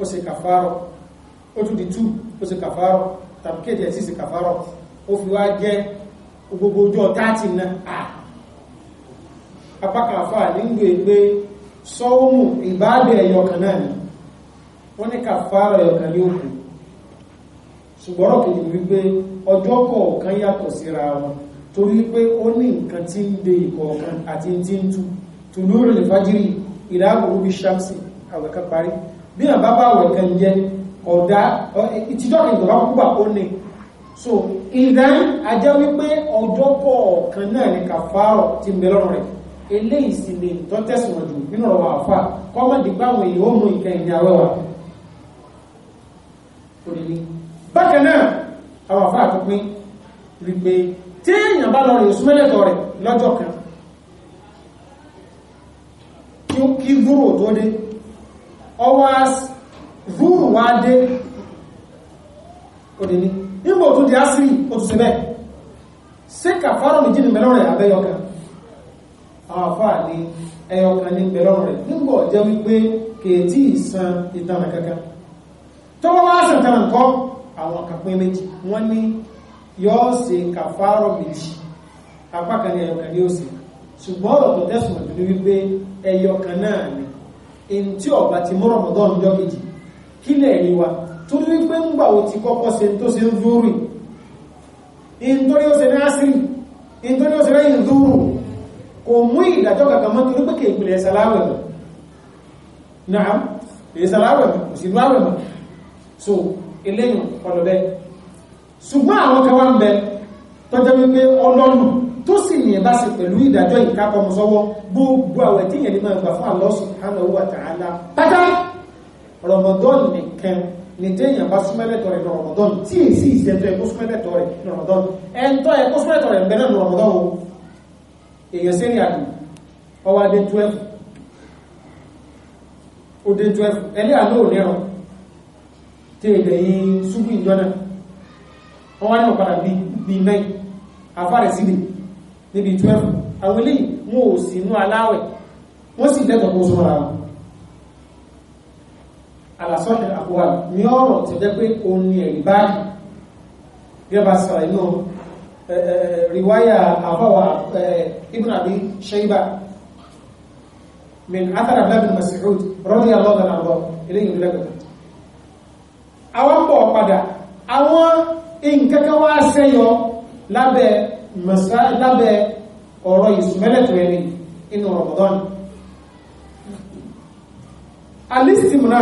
Speaker 1: ó ṣe kàfárọ̀ ó tún di 2 ó ṣe kàfárọ̀ tàbí kéde ẹ̀ sí ṣe kàfárọ̀ ó fi wá jẹ́ gbogbo ọjọ́ 30 náà apákan àfáà nígbè pé sọ́wọ́mù ìbáàbẹ̀ ẹ̀yọkàn náà ni wọ́n ní kàfárọ̀ ẹ̀yọkàn ní òkú ṣùgbọ́rọ̀ kìí wípé ọjọ́ kọ̀ọ̀kan yàtọ̀ síra wọn torí pé ó ní nǹkan tí ń de ìkọ̀ọ̀kan àti tí ń tu tùlúrù lè fájírì ìlàgbòrò bí ṣámsì àwẹ̀ká parí bí àbá bá wẹ̀ kan jẹ ọ̀dá ìtijọ́ kìí tó bá kú bà ó ní so ìdán ajẹ́ wípé ọjọ́ kọ̀ọ̀kan náà ni kàfàárọ̀ ti ń bẹ lọ́rùn rẹ̀ eléyìí sì ni tó tẹ̀sùn jù nínú ọ̀rọ̀ àfà kọ́mọ̀dì gbáwọn èèyàn ó mú ìkẹyìn ní awẹ́wà òdìní bákan náà àwọn àfà àtúpín wípé tí èèyàn bá lọ rè súnmẹ́lẹ̀tọ̀ rẹ̀ lọ́jọ́ kan kí ó kí dúró tó dé ọwọ́ zúrù wá dé òdì ní nígbò tó di ásìrì ó tún sí bẹ́ẹ̀ sí kàfàrọ̀ méjì ní mẹ́lọ́rùn rẹ̀ abẹ́yọkà àwọ̀fà ní ẹyọkà ní mẹ́lọ́rùn rẹ̀ nígbò jẹ́ wípé kèétí ìsan ìtànà kankan tọ́wọ́ wá sàn tànà kọ́ àwọn kàpín méjì wọ́n ní yóò ṣe kàfàrọ̀ méjì apá ní ẹyọkà ní ó ṣùgbọ́n ọ̀rọ̀ tó tẹ̀sùn ọ̀dún wípé ẹyọkà náà ní in tí ọ̀bá ti mú rọmọdán jọ kejì kí lẹ̀ rí wa torí wípé ń gbà ó ti kọ́kọ́ ṣe tó ṣe ń dúró in torí ó ṣe ní asiri in torí ó ṣe lẹ́yìn dúró kò mú ìdájọ́ kankan mọ́ torí pé kì í náà ìsàláwẹ̀ kò sí tó sì yẹn bá sì pẹ̀lú ìdájọ́ ìkápọ̀ mọ́sọ́wọ́ gbogbo àwẹ̀ tí yẹn ní máa gbà fún Allah subhanahu wa ta'ala pátá Ramadan nìkan ní téèyàn bá súnmẹ́lẹ̀tọ̀ rẹ̀ ní Ramadan tí èyí sì ìṣẹ́ntọ́ ẹ̀kọ́ súnmẹ́lẹ̀tọ̀ rẹ̀ ní Ramadan ẹ̀ntọ́ ẹ̀kọ́ súnmẹ́lẹ̀tọ̀ rẹ̀ bẹ̀rẹ̀ ní Ramadan o èèyàn sí ní àdù ọwọ́ adé 12 ó dé 12 ẹlẹ́ àná ò nírun tí èdè yìí súnmù ìjọ náà wọ́n wá ọ̀padà bíi 9 afárẹ̀ sílẹ̀ níbi 12 àwọn ilé mú ò sí inú aláwẹ̀ wọ́n sì lẹ́tọ̀ kó sọ́ra wọn àlàsọ́ṣẹ̀ àbúwà ní ọ̀rọ̀ tó jẹ́ pé òun ni ẹ̀rí báyìí gẹ́bà sọ̀rọ̀ inú riwaya àbọ̀wà ibn abi shayba min athara ibn mas'ud radiyallahu anhu ilé ìlú lẹ́gbẹ̀ẹ́ àwọn pọ̀ padà àwọn nǹkan kan wá sẹ́yọ lábẹ́ mẹ̀sá lábẹ́ ọ̀rọ̀ ìsúnmẹ́lẹ̀tọ̀ ẹni inú Ramadan alistimna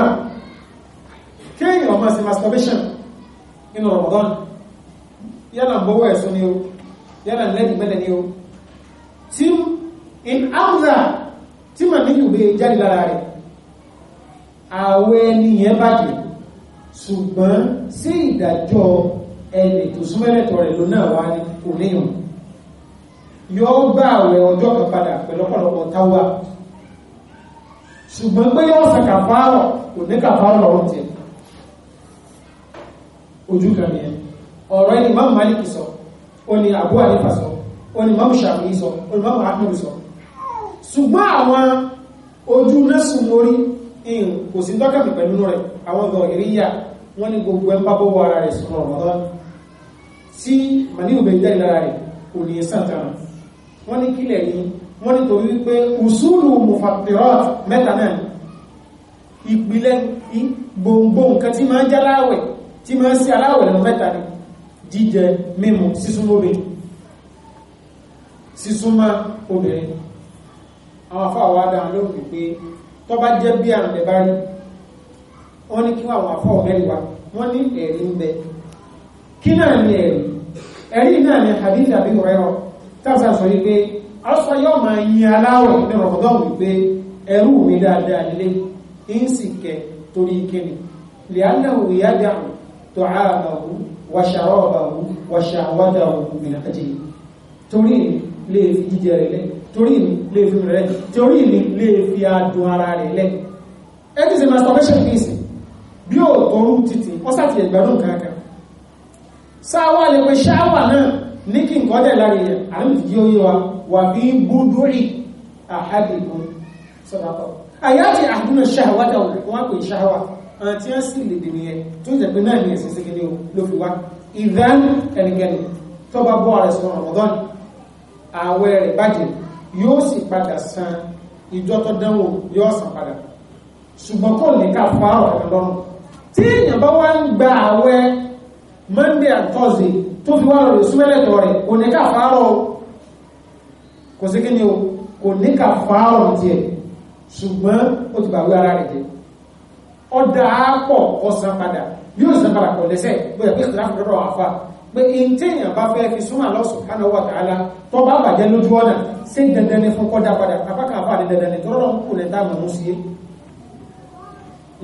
Speaker 1: kéèyàn ọmọ sí masturbation inú Ramadan yálà gbọ́wọ́ ẹ̀sùn ni o yálà lẹ́dì mẹ́lẹ̀ ni o tí in amza tí ma ní ìgbé jáde lára rẹ̀ àwẹ̀ ẹni yẹn bàjẹ́ ṣùgbọ́n sí ìdájọ́ ẹni tó súnmẹ́lẹ̀tọ̀ rẹ̀ lónà wá ní kò níyàn yóò gbà àwẹ̀ ọjọ́ kan padà pẹ̀lú ọ̀pọ̀lọpọ̀ táwa ṣùgbọ́n pé yóò sàn kàfàárọ̀ kò ní kàfàárọ̀ lọ́rọ̀ tiẹ̀ ojú kan nìyẹn ọ̀rọ̀ ẹni Imam Malik sọ ó ní Abu Hanifa sọ ó ní Imam Shafi'i sọ ó ní Imam Ahmad sọ ṣùgbọ́n àwọn ojú nẹ́sùn mórí kò sí dọ́kàmì pẹ̀lú rẹ̀ àwọn ọ̀dọ̀ ìrìyà wọ́n ní gbogbo ẹ̀ ń bá bọ́wọ́ ara rẹ̀ sọ̀rọ̀ ọ̀dọ́ tí màníwò bẹ̀ ń tẹ̀lé rẹ̀ kò ní sàn kan wọ́n ní kílẹ̀ ní wọ́n ní torí pé usulu mufattirat mẹ́ta náà ìpìlẹ̀ gbòǹgbò nǹkan tí máa ń jáláwẹ̀ tí máa ń sí aláwẹ̀ lẹ́nu mẹ́ta ni jíjẹ mímu sísúnmọ́ obìnrin sísúnmọ́ obìnrin àwọn afáwọ̀ adáhùn ló rí pé tó bá jẹ́ bí àrùn lẹ́bá rí wọ́n ní kí àwọn afáwọ̀ mẹ́rin wa wọ́n ní ẹ̀rí ń bẹ kí náà ni ẹ̀rí ẹ̀rí náà ni hadith àbí ọ̀rẹ́rọ̀ táwọn sọ wípé aṣọ yóò máa yin aláwọ̀ ní rọ̀gọ́dọ̀ wípé ẹrú mi dáadáa lé ń sì kẹ torí kíni lẹ́yìnlẹ́wò ìyá dáhùn tó ààbàwò wàṣàwọ̀bàwò wàṣàwọ̀dàwò mìíràn ajé torí lè fi jíjẹ rẹ̀ lẹ́ torí mi lè fi rẹ̀ lẹ́ torí ọ́sàtì ẹ̀gbẹ̀rún kankan sáwà lè pe ṣáwà náà ní kí nǹkan dẹ̀ lára yẹn àmì jí ó yé wa wà bí búdúrì àhádìkún sọ́dọ̀kọ́ àyájì àdúnà ṣáhàwá dà wọ́n pè ṣáhàwá àti wọ́n sì lè dìní yẹn tó jẹ́ pé náà ní ẹ̀sìn sí kéde ló fi wá ìdán ẹnikẹ́ni tó bá bọ́ ara sọ ọ̀gọ́n àwẹ̀ rẹ̀ bàjẹ́ yóò sì padà san ìjọ tó dánwò yóò san padà ṣùgbọ́n kò ní ká fọ́ àwọ̀ ẹ̀rọ lọ́rùn tí èèyàn bá wá ń gba àwẹ̀ Monday and Thursday tó fi wá lọ súnmẹ́lẹ̀ tọ̀ rẹ̀ kò ní kàfàárọ̀ kò sí kí ni o kò ní kàfàárọ̀ ti ẹ̀ ṣùgbọ́n ó ti bàwé ara rẹ̀ jẹ́ ọdá pọ̀ ọ̀sán padà bí ó sàn padà pọ̀ lẹ́sẹ̀ bó yẹ pé ìtura fún lọ́rọ̀ àfa pé in téèyàn bá fẹ́ fi súnmọ́ Allah subhanahu wa ta'ala tó bá bàjẹ́ lójú ọ̀nà sí dandan ni fún kọ́dá padà apákan àfa ni dandan ni tó rọrùn kù lẹ́ta àmọ́ mú sí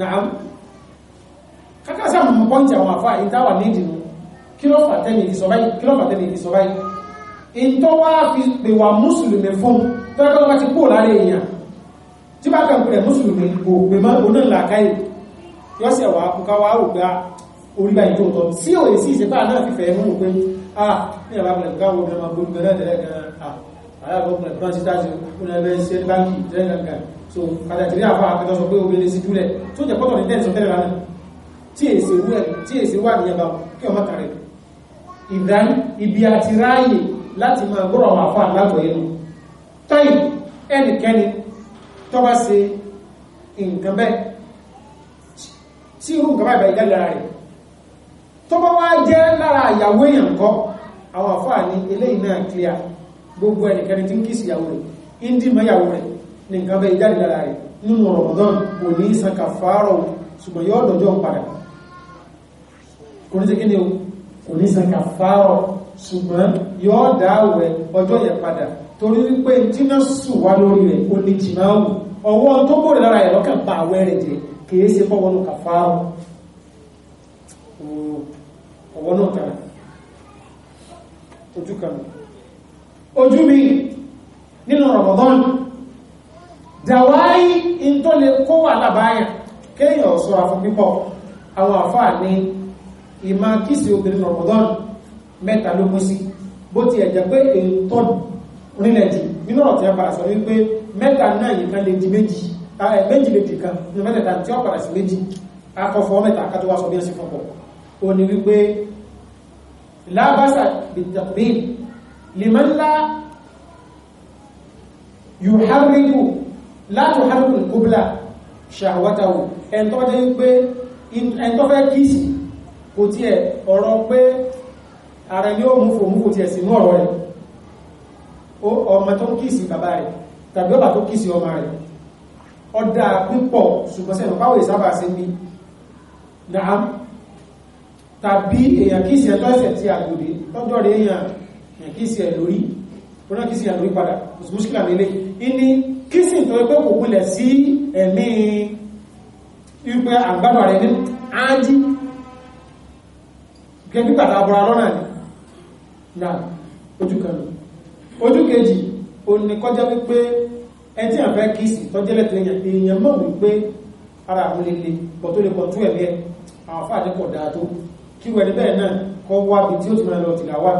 Speaker 1: nàám kákásá mọ̀ pọ́ǹtì àwọn àfa ìtawà nídìí kí ló fàtẹ́lì ìsọ̀báyì kí ló fàtẹ́lì ìsọ̀báyì in tó wá fi pè wà mùsùlùmí fún tọ́jọ́ wá ti kú lára èèyàn tí bá kàn pẹ̀lẹ̀ mùsùlùmí kò pè mọ́ oní làkáyè yọ́ sì wà kúká wá wò pé ah, orílẹ̀ èdè òtọ́ sí òye sí ìṣẹ́pá náà fífẹ́ mú pé a ah, ní ẹ̀rọ abúlé kúká wo ọmọ gbogbo náà tẹ̀lé gan aláàbọ̀ ọmọ ìbọn títà sí ọmọ ẹgbẹ́ iṣẹ́ báńkì tẹ̀lé gangan so pàtàkì ní àwọn akẹ́kọ̀ọ́ sọ pé obìnrin sí júlẹ̀ tó jẹ́ pọ́tọ̀ ní tẹ́ǹsọ̀ tẹ́lẹ̀ lánàá tí èsì wà níyàbá kí ọmọ kàrẹ̀ ìdán ibi àti ráàyè láti máa gbọ́rọ̀ àwọn afọ́ àgbàgbọ̀ yẹnu tọ́yì ẹnikẹ́ni tó bá ṣe nǹkan bẹ́ẹ̀ tí irú nǹkan báyìí jáde lára rẹ̀ tó bá wá jẹ́ lára ìyàwó èèyàn kọ́ àwọn afọ́ àní eléyìí náà clear gbogbo ẹnikẹ́ni tí ń kí ìsìyàwó rẹ̀ indi mọ́yàwó rẹ̀ ní nǹkan bẹ́ẹ̀ jáde lára rẹ̀ nínú Ramadan kò ní ìsànkà ṣùgbọ́n yóò dọjọ́ padà kò ní ṣe kí ni o kò ní san kàfàárọ̀ ṣùgbọ́n yóò dá àwẹ̀ ọjọ́ yẹn padà torí wípé jìnnà sù wá lórí rẹ̀ ó ní jìnnà wù ọwọ́ tó bòrè lára ẹ̀ lọ́kàn bá àwẹ̀ rẹ̀ jẹ kìí ṣe fọwọ́nù kàfàárọ̀ ọwọ́ náà kan ojú kan ojú mi nínú Ramadan dàwáyí ìtọ́lẹ̀ kó wà lábáyà kéèyàn sọ àfún pípọ̀ àwọn àfáà ní ìmá kíṣì obìnrin Ramadan mẹ́ta ló kún sí bó ti ẹ̀jẹ̀ pé èyí tọ́ rílẹ̀ jù nínú ọ̀tí apàdà sọ wípé mẹ́ta náà yìí kan lè di méjì méjì lè di kan ní mẹ́tẹ̀ta tí ó padà sí méjì akọ̀fọ́ mẹ́ta ká tó wá sọ bí ẹ̀sìn fọ́pọ̀ ó ní wípé lábásà bìtàbí lèmọ́nlá yóò hárínú látò hárínú kóbílà ṣàwátàwò ẹ̀ntọ́ jẹ́ wípé ẹ̀ntọ́ fẹ́ kíìsì kò tí ẹ̀ ọ̀rọ̀ pé ààrẹ yóò mú fò mú kò tí ẹ̀ sínú ọ̀rọ̀ rẹ̀ ọmọ tó ń kìsì bàbá rẹ̀ tàbí ọba tó kìsì ọmọ rẹ̀ ọdá pípọ̀ ṣùgbọ́n sẹ́nu káwọ̀ ìsábà sí ní naam tàbí èèyàn kìsì ẹ̀ lọ́sẹ̀ tí àgbòdè lọ́jọ́ rẹ̀ èèyàn kìsì ẹ̀ lórí ọ̀nà kìsì ẹ̀ lórí padà mùsùlùmí lélẹ̀ ìní kìsì tó ẹgbẹ́ kò wulẹ̀ sí ẹ̀mí wípé àgbàdo rẹ̀ ní ájí gẹ̀ẹ́bí pàtà àbúrà lọ́nà ní na ojú kanú ojú kejì o ní kọjá wípé ẹtí àfẹ́ kìsì tọ́jẹ́lẹ̀ tó yẹn èèyàn mọ̀ wípé ara àwọn lele pọ̀ tó lè pọ̀ tó ẹ̀mí ẹ̀ àwọn afá àdẹ́pọ̀ dáa tó kí wẹ̀ níbẹ̀ náà kọ́ wá bí tí ó ti máa lọ tìlà wà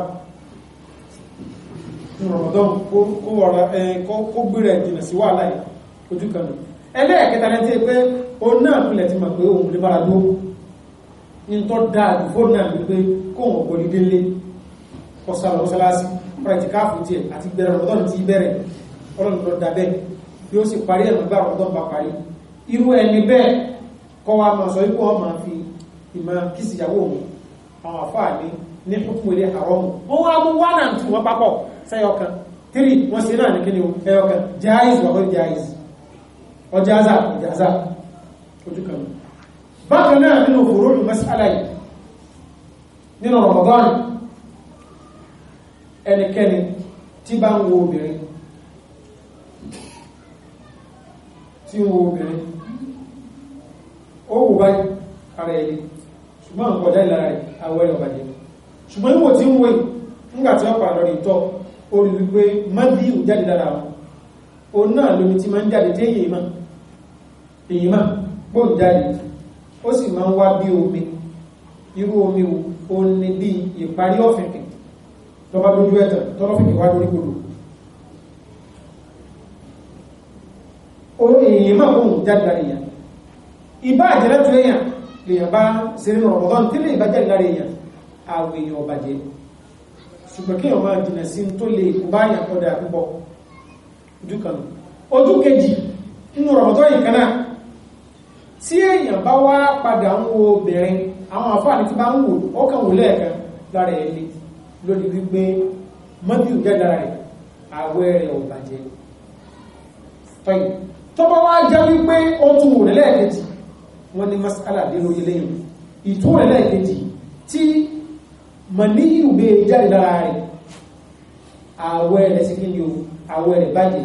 Speaker 1: rọ̀mọ̀dán in tó dáa fóònù náà wípé kóhùn ọ̀pọ̀ nílé lé ọ̀sàlọ̀ ọ̀sàlásí pàtìkáàfù tiẹ̀ àti bẹ̀rẹ̀ ọ̀dọ́n ti bẹ̀rẹ̀ ọlọ́run tó dá bẹ́ẹ̀ yóò sì parí ẹ̀mọ́ gbà ọ̀dọ́n bá parí irú ẹni bẹ́ẹ̀ kọ́ wa máa sọ wípé wọ́n máa fi ìmọ̀ kìsì ìyàwó òun àwọn àfáà ní ní fúnfún ilé àrọ́mù wọ́n wá mú wá náà tù wọ́n papọ̀ sẹ́yọ kan tírì wọ́n sì náà ní o ẹyọ kan jáìz wọ́n jáìz ọjà bákan náà nínú fòrò ìmọ́sílá nínú Ramadan ẹnikẹ́ni tí tí ń wo obìnrin ó ara ṣùgbọ́n àkọjá ìlara àwọ̀ ẹ̀yọ̀ bàjẹ́ ṣùgbọ́n ìwò tí wo nígbàtí ọ̀pá lọ́rí tọ́ wípé mọ́bí ìwò jáde náà tí ó sì máa ń wá bí omi irú omi o ní bí ìparí ọ̀fìnkì lọ́ba lójú ẹ̀tàn tọ́lọ́fìnkì wá lórí kòlò èèyàn máa kó òun jáde lára èèyàn ìbá àjẹ́lẹ́ tó èèyàn lèèyàn bá ṣe nínú ọ̀rọ̀dọ́n tí lè bá jáde lára èèyàn àwọn èèyàn ọba jẹ́ ṣùgbọ́n kí èèyàn máa jìnà sí tó lè bá àyàn kọ́dà púpọ̀ ojú kan ojú kejì nínú ọ̀rọ̀dọ́ yìí kan náà tí èèyàn bá wá padà ń wo obìnrin àwọn àǹfààní tí bá ń wò ó kàn wò lẹ́ẹ̀kan lára ẹ̀ lé lórí wípé mọ́bí ò jáde rẹ̀ àwẹ̀ rẹ̀ ò bàjẹ́ tó bá wá jẹ́ wípé ó tún wò lẹ́ẹ̀kejì wọ́n ní masala dé lórí lẹ́yìn ìtú rẹ̀ lẹ́ẹ̀kejì tí mọ̀ní ìwé jáde lára rẹ̀ àwẹ̀ rẹ̀ sí kí ni o àwẹ̀ rẹ̀ bàjẹ́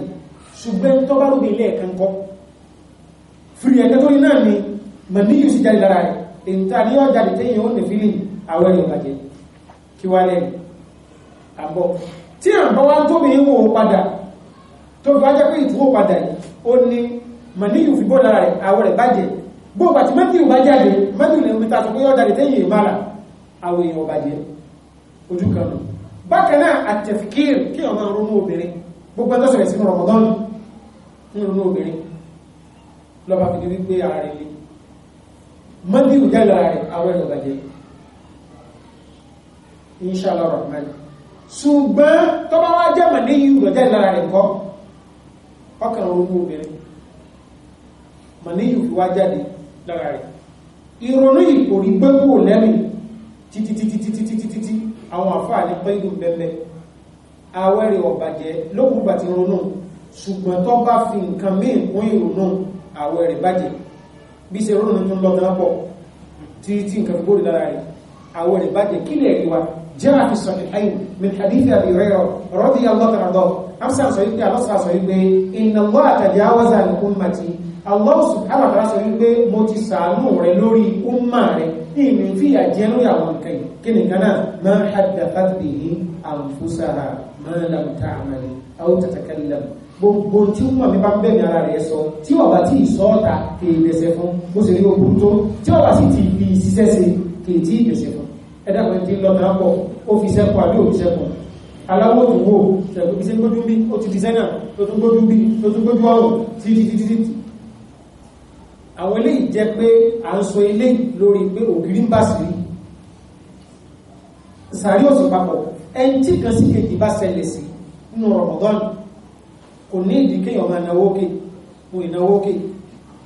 Speaker 1: ṣùgbọ́n tó bá lóbi lẹ́ẹ̀kan kọ́ fìrì ẹ̀kẹ́ tó ní náà ni mẹ̀mí yìí sì jáde lára rẹ̀ èyí tá a ní ọjà lè tẹ́yìn ó lè fi lè àwẹ̀ rẹ̀ bàjẹ́ kí wá lẹ́nu àbọ̀ tí àbọ̀ wá tóbi wò ó padà tó fi wájá pé ìtúwò padà yìí ó ní mẹ̀mí yìí fi bọ́ lára rẹ̀ àwẹ̀ rẹ̀ bàjẹ́ gbogbo àti mẹ́tì ò bá jáde mẹ́tì lè mẹ́ta tó pé ọjà lè tẹ́yìn ìmára àwẹ̀ rẹ̀ ò ojú kan lọ bákan náà àtẹ̀fikir kí ọmọ ronú obìnrin gbogbo ẹjọ́ sọ̀rọ̀ sínú rọmọdọ́nù ní ronú obìnrin lọ́ba fi di wípé ara rẹ̀ le mọ́ndínù tẹ́lẹ̀ ara rẹ̀ àwọn ẹ̀rọ bàjẹ́ inṣàlá rahman ṣùgbọ́n tọ́ba wá jẹ́ mọ̀lẹ́ yìí rọ̀ tẹ́lẹ̀ ara rẹ̀ kọ́ ọkàn orúkú obìnrin mọ̀lẹ́ yìí fi wá jáde lára rẹ̀ ìrònú ìkòrí gbẹ́gbò lẹ́mìí títítítítítítítítí àwọn àfáà ní pẹ́lú bẹ́ẹ̀ àwẹ́rẹ̀ ọ̀bàjẹ́ lókùnbà ti ṣùgbọ́n tó fi nǹkan míì kún ìrònú àwẹ̀ rẹ̀ bàjẹ́ bí ṣe rọ́nà tó lọ náà pọ̀ tí tí nǹkan gbórí lára rẹ̀ àwẹ̀ rẹ̀ bàjẹ́ kí lè rí wa jẹ́ àfisàn ìhàyìn min hadith àbí rẹ̀ rọ́dí alọ́tàràdọ́ amsa sọ wípé alọ́sà sọ wípé inna Allah tajawaza ní ummati Allah subhanahu wa ta'ala sọ wípé mo ti sàánú rẹ lórí umma rẹ ìmì gbogbo tí wọ́n mi bá ń bẹ̀rẹ̀ ara rẹ̀ sọ tí ọba tí ìsọ ọ̀tà kè é dẹ̀sẹ̀ fún bó ṣe rí ogun tó tí ọba sì ti fi ṣiṣẹ́ ṣe kè é tí ìdẹ̀sẹ̀ fún ẹ̀dá kan ti lọ náà pọ̀ ó fi sẹ́kù àbí òbí sẹ́kù aláwọ̀ tó wò ṣẹ̀kù fi ṣe gbójú bí ó ti di sẹ́nà tó tún gbójú bí tó tún gbójú ọ̀rọ̀ títítítítí. àwọn eléyìí jẹ́ pé à ń sọ eléyìí lórí pé ògiri ń bà sí sàrí òsì papọ̀ ẹni tí kan sí kejì bá ṣẹlẹ̀ sí nínú Ramadan kò ní ìdí kéèyàn máa náwó kè mo ìnáwó kè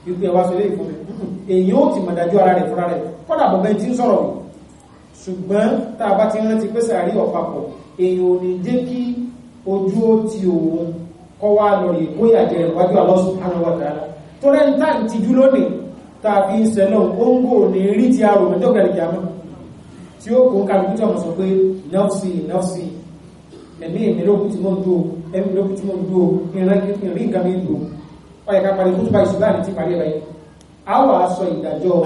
Speaker 1: wípé ẹwà sọ léyìn fún mi hmm. èyàn ó ti mọ̀dájú ara rẹ̀ fúnra rẹ̀ kọ́dà bọ̀bẹ́ tí ń sọ̀rọ̀ ṣùgbọ́n tá a bá ti rántí pé sàárì ọ̀pàpọ̀ èyàn ò ní jẹ́ kí ojú ó ti òun kọ́ wá lọ rí kó ìwájú Allah nafsi nafsi ẹ̀mí èmi lókùn tí mo ń dúró ẹ̀mí ló tí mo dúó ìrìn nǹkan mi lò ọ̀yẹ̀ ká parí kútùbà ìsìlá ní ti parí ẹ̀ báyìí a wà á sọ ìdájọ́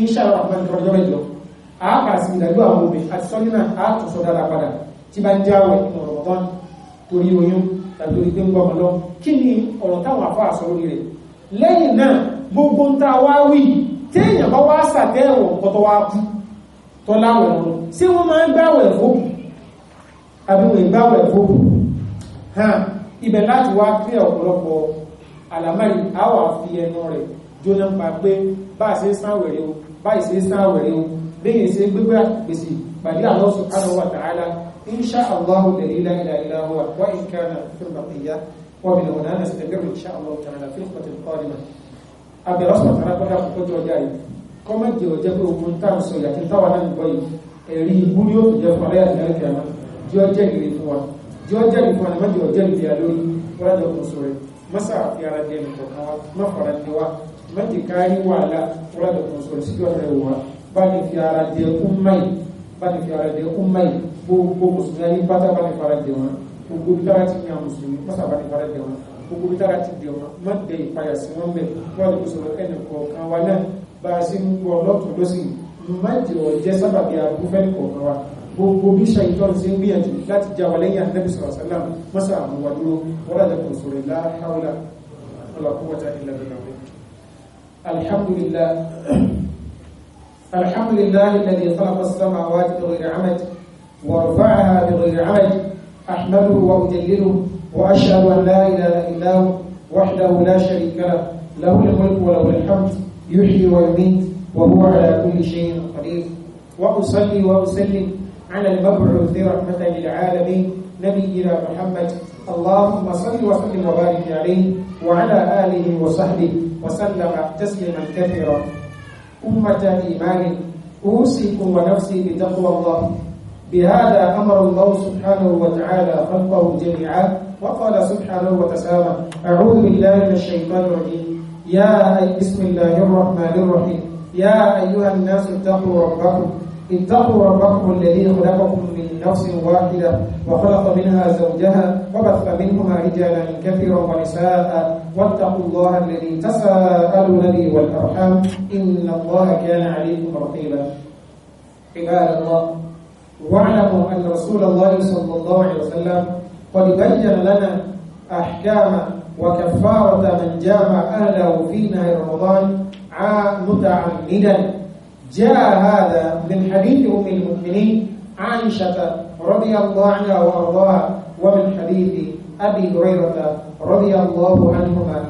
Speaker 1: inṣàlá àpá ìjọba ìjọba ìjọ a kà sí ìdájọ́ àwọn obìnrin àti sọ́nínà a tún sọ dára padà tí bá ń já wẹ̀ ọ̀rọ̀ wọn torí oyún tàbí torí pé ń gbọmọ lọ kí ni ọ̀rọ̀ táwọn afọ àsọ lórí rẹ̀ lẹ́yìn náà gbogbo ń ta wá wí téèyàn bá wá sàtẹ́ẹ̀wọ̀ kọ́tọ́ wá kú tọ́láwẹ̀ wọn ṣé wọ́n máa ń gbáwẹ̀ fóòkù àbí wọ́n ń gbáwẹ̀ fóòkù hàn ibẹ̀ láti wá kí ọ̀pọ̀lọpọ̀ àlàmáyì a wà fi ẹnu rẹ̀ jóná pa pé bá ṣe sáwẹ̀rẹ̀ o bá ṣe sáwẹ̀rẹ̀ o lẹ́yìn ṣe gbígbà gbèsè pàdé Allah subhanahu wa ta'ala insha Allahu la ilaha illa huwa wa in kana fil baqiyya wa min huna nastaqir insha Allahu ta'ala fil khutbati al-qadimah abẹ̀rẹ̀ ọ̀sán tààlà pátá kò tó ọjà yìí kọ́mẹ́jì ọjọ́ pé náà ń gbọ́ yìí ẹ̀rí ibú ni ó fi jẹ́ jọ jẹ́rìí fún àná mọ́jọ jẹ́rìí bí alórí wọ́n jọ kò sọ̀rọ̀ mọ́sà àfi ara jẹ́ ẹnì kọ̀ọ̀kan wa má fara jẹ wa má jẹ káyé wàhálà wọ́n jọ kò sọ̀rọ̀ síjọ́ rẹ̀ wà bá ní fi ara jẹ kún máyì bá ní fi ara jẹ kún máyì gbogbo mùsùlùmí ayé pátá bá ní fara jẹ wọn gbogbo bí tára ti ní àwọn wọn má dẹ ìpayà sí wọn bẹ wọ́n jọ sọ̀rọ̀ ẹnì kọ̀ọ̀kan wa náà bá a ṣe ń gbọ́ lọ́tún lọ́sìn má jẹ ọ̀jẹ́ sábàbí abúfẹ́ kọ̀ọ̀kan wa gbogbo bí ṣàìtọ́ sí ń gbìyànjú láti já wà lẹ́yìn àdẹ́bì sọ̀rọ̀sọ́lá mọ́sà àmúwà dúró wọ́lájẹ́ kò sọ̀rọ̀ ìlà haúlà ọlọ́kúwọ́ta ilẹ̀ bẹ̀rẹ̀ alhamdulillah alhamdulillah alladhi khalaqa as-samawati bighayri 'amad wa rafa'aha bighayri 'amad ahmaduhu wa ujalliluhu wa ashhadu an la ilaha illa hu wahdahu la sharika lah lahu al-mulku wa lahu al-hamd yuhyi wa yumiit wa huwa ala kulli shay'in qadir wa usalli wa usallim على المبعوث رحمة للعالمين نبينا محمد اللهم صل وسلم وبارك عليه وعلى آله وصحبه وسلم تسليما كثيرا أمة إيمان أوصيكم ونفسي بتقوى الله بهذا أمر الله سبحانه وتعالى خلقه جميعا وقال سبحانه وتعالى أعوذ بالله من الشيطان الرجيم يا أي بسم الله الرحمن الرحيم يا أيها الناس اتقوا ربكم اتقوا ربكم الذي خلقكم من نفس واحدة وخلق منها زوجها وبث منهما رجالا كثيرا ونساء واتقوا الله الذي تساءلوا به والأرحام إن الله كان عليكم رقيبا عباد الله واعلموا أن رسول الله صلى الله عليه وسلم قد بين لنا أحكام وكفارة من جامع أهله في نهر رمضان متعمدا جاء هذا من حديث أم المؤمنين عائشة رضي الله عنها وأرضاها ومن حديث أبي هريرة رضي الله عنهما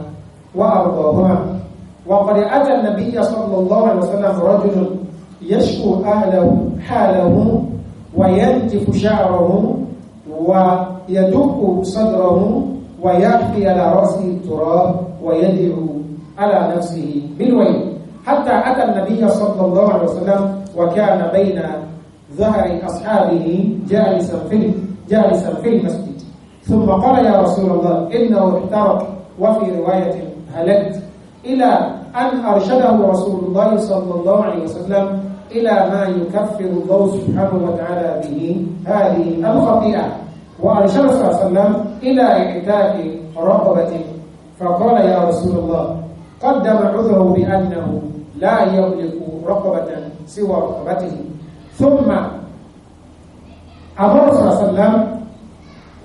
Speaker 1: وأرضاهما وقد أتى النبي صلى الله عليه وسلم رجل يشكو أهله حاله وينتف شعره ويدق صدره ويحفي على رأسه التراب ويدعو على نفسه بالويل حتى أتى النبي صلى الله عليه وسلم وكان بين ظهر أصحابه جالسا في جالسا في المسجد ثم قال يا رسول الله إنه احترق وفي رواية هلكت إلى أن أرشده رسول الله صلى الله عليه وسلم إلى ما يكفر الله سبحانه وتعالى به هذه الخطيئة وأرشد صلى الله عليه وسلم إلى إعتاق رقبة فقال يا رسول الله قدم عذره بأنه لا يملك رقبة سوى رقبته ثم أمر صلى الله عليه وسلم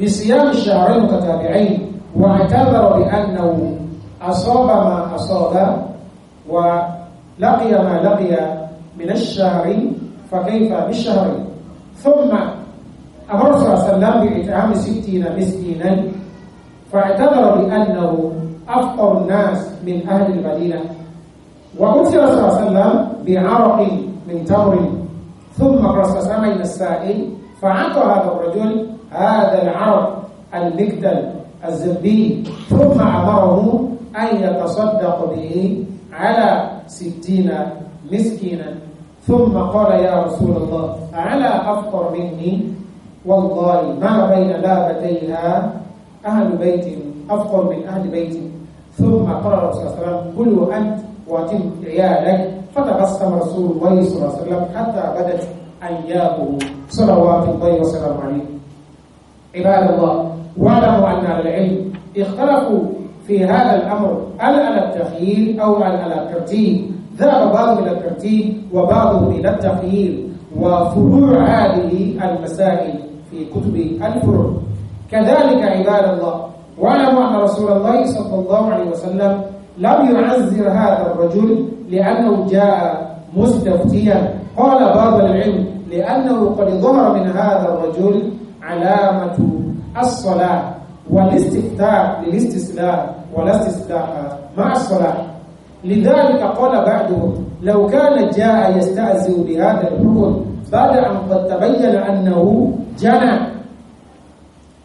Speaker 1: بصيام الشهرين المتتابعين واعتذر بأنه أصاب ما أصاب ولقي ما لقي من الشهر فكيف بالشهر ثم أمر صلى الله عليه وسلم بإطعام ستين مسكينا فاعتذر بأنه أفقر الناس من أهل المدينة وأتي صلى الله عليه وسلم بعرق من تمر ثم رصص إلى السائل فعطى هذا الرجل هذا العرق المقدل الزبي ثم أمره أن يتصدق به على ستين مسكينا ثم قال يا رسول الله على أفطر مني والله ما بين لابتيها أهل بيت أفطر من أهل بيتي ثم قال الرسول صلى الله عليه وسلم كلوا أنت وأتم عيالك فتبسم رسول الله صلى الله عليه وسلم حتى بدت ايامه صلوات الله وسلامه عليه عباد الله واعلموا أن العلم اختلفوا في هذا الأمر هل على التخييل أو هل على الترتيب ذهب بعض إلى الترتيب وبعضهم إلى التخييل وفروع هذه المسائل في كتب الفروع كذلك عباد الله واعلموا أن رسول الله صلى الله عليه وسلم لم يعزر هذا الرجل لأنه جاء مستفتيا قال بعض العلم لأنه قد ظهر من هذا الرجل علامة الصلاة والاستفتاء ولا استسلاء مع الصلاة لذلك قال بعضهم لو كان جاء يستأذن بهذا الحكم بعد أن قد تبين أنه جنى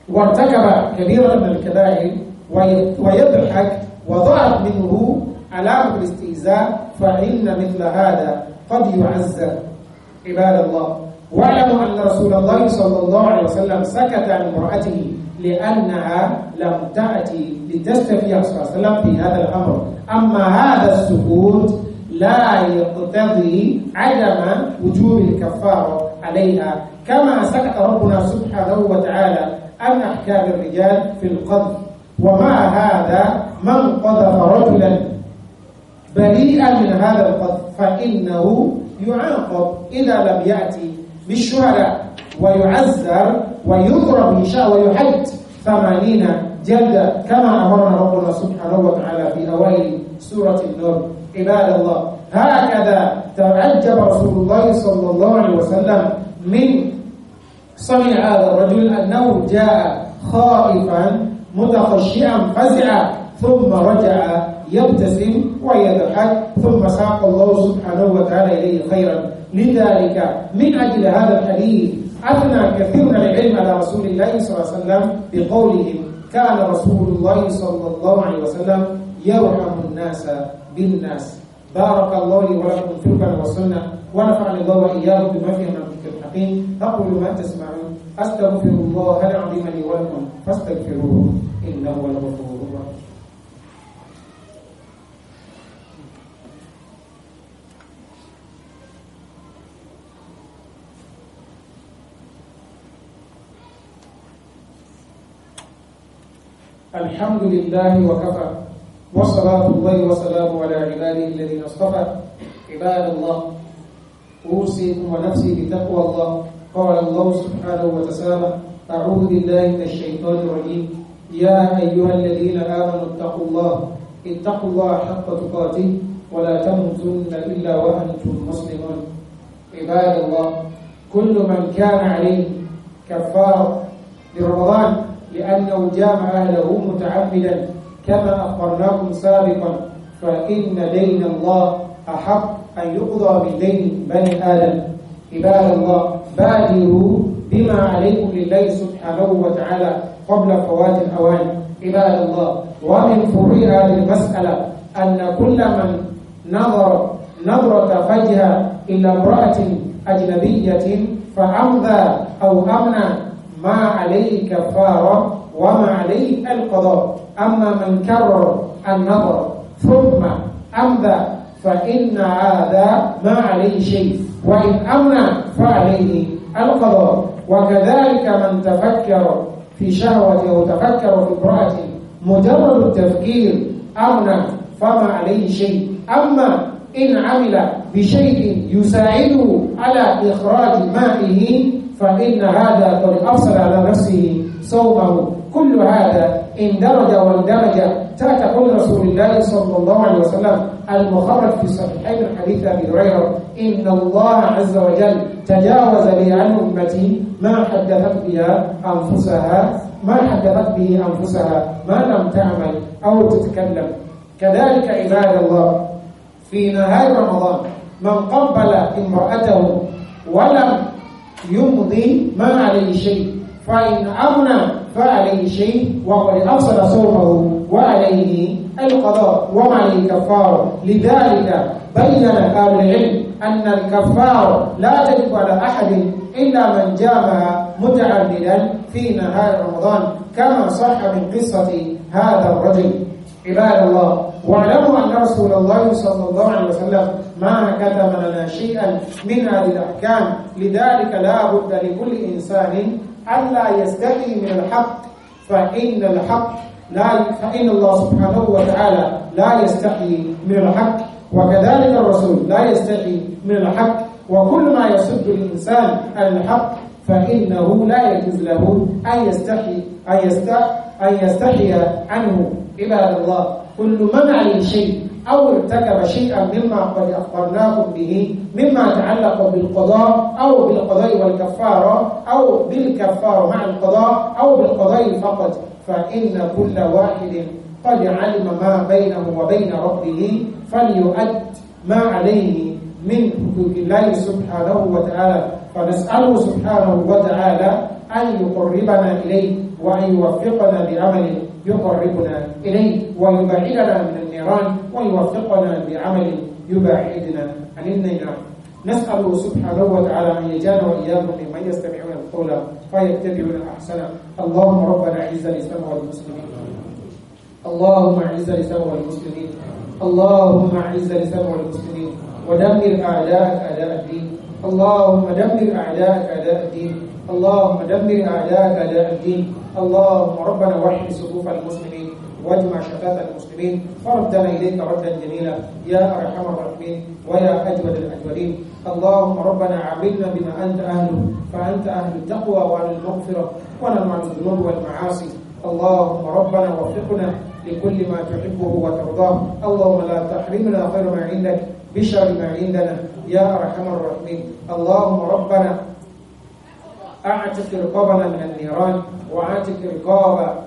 Speaker 1: وارتكب كبيرا من الكبائر ويضحك وضعت منه علامة الاستهزاء فإن مثل هذا قد يعزل عباد الله واعلموا أن رسول الله صلى الله عليه وسلم سكت عن امرأته لأنها لم تأتي لتستفيع صلى الله عليه وسلم في هذا الأمر أما هذا السكوت لا يقتضي عدم وجوب الكفارة عليها كما سكت ربنا سبحانه وتعالى عن أحكام الرجال في القذف ومع هذا من قذف رجلا بريئا من هذا القذف فإنه يعاقب إذا لم يأتي بالشهداء ويعذر ويضرب إن شاء ويحد ثمانين جلدة كما أمرنا ربنا سبحانه وتعالى في أوائل سورة النور عباد الله هكذا تعجب رسول الله صلى الله عليه وسلم من صنع هذا الرجل أنه جاء خائفا متخشعا فزعا ثم رجع يبتسم ويضحك ثم ساق الله سبحانه وتعالى اليه خيرا لذلك من اجل هذا الحديث اثنى كثير من العلم على رسول الله صلى الله عليه وسلم بقولهم كان رسول الله صلى الله عليه وسلم يرحم الناس بالناس بارك الله لي ولكم في القرآن والسنة ونفعني الله وإياكم بما فيه من الذكر الحكيم أقول ما تسمعون أستغفر الله العظيم لي ولكم فاستغفروه إنه هو الغفور الرحيم الحمد لله وكفى وصلاة الله وسلامه على عباده الذين اصطفى عباد الله أوصيكم ونفسي بتقوى الله قال الله سبحانه وتعالى أعوذ بالله من الشيطان الرجيم يا أيها الذين آمنوا اتقوا الله اتقوا الله حق تقاته ولا تموتن إلا وأنتم مسلمون عباد الله كل من كان عليه كفار لرمضان لأنه جامع أهله متعمدا كما أخبرناكم سابقا فإن دين الله أحق أن يقضى بدين بني آدم عباد الله بادروا بما عليكم لله سبحانه وتعالى قبل فوات الأوان عباد الله ومن فروع هذه المسألة أن كل من نظر نظرة فجر إلى امرأة أجنبية فأمضى أو أمنى ما عليه كفارة وما عليه القضاء أما من كرر النظر ثم أمضى فإن هذا ما عليه شيء وإن أمنى فعليه القضاء وكذلك من تفكر في شهوة أو تفكر في امرأة مجرد التفكير أمنا فما عليه شيء أما إن عمل بشيء يساعده على إخراج مائه فإن هذا قد أرسل على نفسه صومه كل هذا اندرج واندرج تحت قول رسول الله صلى الله عليه وسلم المخرج في صحيحين حديث ابي هريره ان الله عز وجل تجاوز لي عن امتي ما حدثت بها انفسها ما حدثت به انفسها ما لم تعمل او تتكلم كذلك عباد الله في نهايه رمضان من قبل امراته ولم يمضي ما عليه شيء فإن أغنى فعليه شيء وقد أفسد صرفه وعليه القضاء وما عليه لذلك بين أهل العلم أن الكفارة لا تجب على أحد إلا من جامع متعددا في نهار رمضان كما صح من قصة هذا الرجل عباد الله واعلموا أن رسول الله صلى الله عليه وسلم ما كتم لنا شيئا من هذه الأحكام لذلك لا بد لكل إنسان ألا يستحي من الحق فإن الحق لا فإن الله سبحانه وتعالى لا يستحي من الحق وكذلك الرسول لا يستحي من الحق وكل ما يصد الإنسان عن الحق فإنه لا يجوز له أن يستحي أن يستحي, أن يستحي عنه عباد الله كل من عليه شيء أو ارتكب شيئا مما قد أخبرناكم به مما تعلق بالقضاء أو بالقضاء والكفارة أو بالكفارة مع القضاء أو بالقضاء فقط فإن كل واحد قد علم ما بينه وبين ربه فليؤد ما عليه من حقوق الله سبحانه وتعالى فنسأله سبحانه وتعالى أن يقربنا إليه وأن يوفقنا بعمل يقربنا إليه ويبعدنا الخيران ويوفقنا بعمل يباعدنا عن النيران نسأل سبحانه وتعالى أن يجعلنا وإياكم ممن يستمعون القول فيتبعون أحسنه اللهم ربنا أعز الإسلام والمسلمين اللهم أعز الإسلام والمسلمين اللهم أعز الإسلام والمسلمين ودمر أعداءك أعداء الدين اللهم دمر أعداءك أعداء الدين اللهم دمر أعداءك أعداء الدين اللهم ربنا وحد صفوف المسلمين واجمع شفاه المسلمين وردنا إليك ردا جميلا يا أرحم الراحمين ويا أجود الأجودين اللهم ربنا عملنا بما أنت أهله فأنت أهل التقوى وأهل المغفرة ونمع الذنوب والمعاصي اللهم ربنا وفقنا لكل ما تحبه وترضاه اللهم لا تحرمنا خير ما عندك بشر ما عندنا يا أرحم الراحمين اللهم ربنا أعتق رقابنا من النيران وأعتق رقاب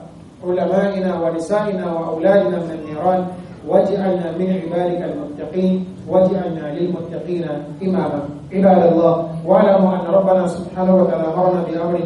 Speaker 1: علمائنا ونسائنا وأولادنا من النيران واجعلنا من عبادك المتقين واجعلنا للمتقين إماما عباد الله واعلموا أن ربنا سبحانه وتعالى أمرنا بأمر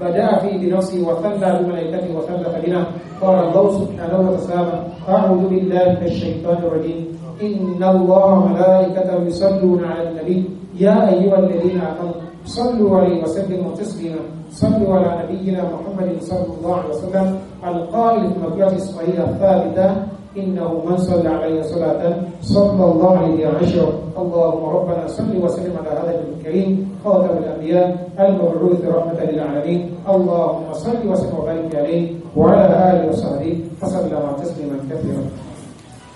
Speaker 1: بدأ فيه بنفسه وثنى بملائكته وثلث بنا قال الله سبحانه وتعالى أعوذ بالله من الشيطان الرجيم إن الله وملائكته يصلون على النبي يا أيها الذين آمنوا صلوا عليه وسلموا تسليما صلوا على نبينا محمد صلى الله عليه وسلم القائل في مكة اسماعيل الثابته انه من صلى علي صلاه صلى الله عليه عشر اللهم ربنا صل وسلم على هذا النبي الكريم خاتم الانبياء المبعوث رحمه للعالمين اللهم صل وسلم وبارك عليه وعلى اله وصحبه وسلم تسليما كثيرا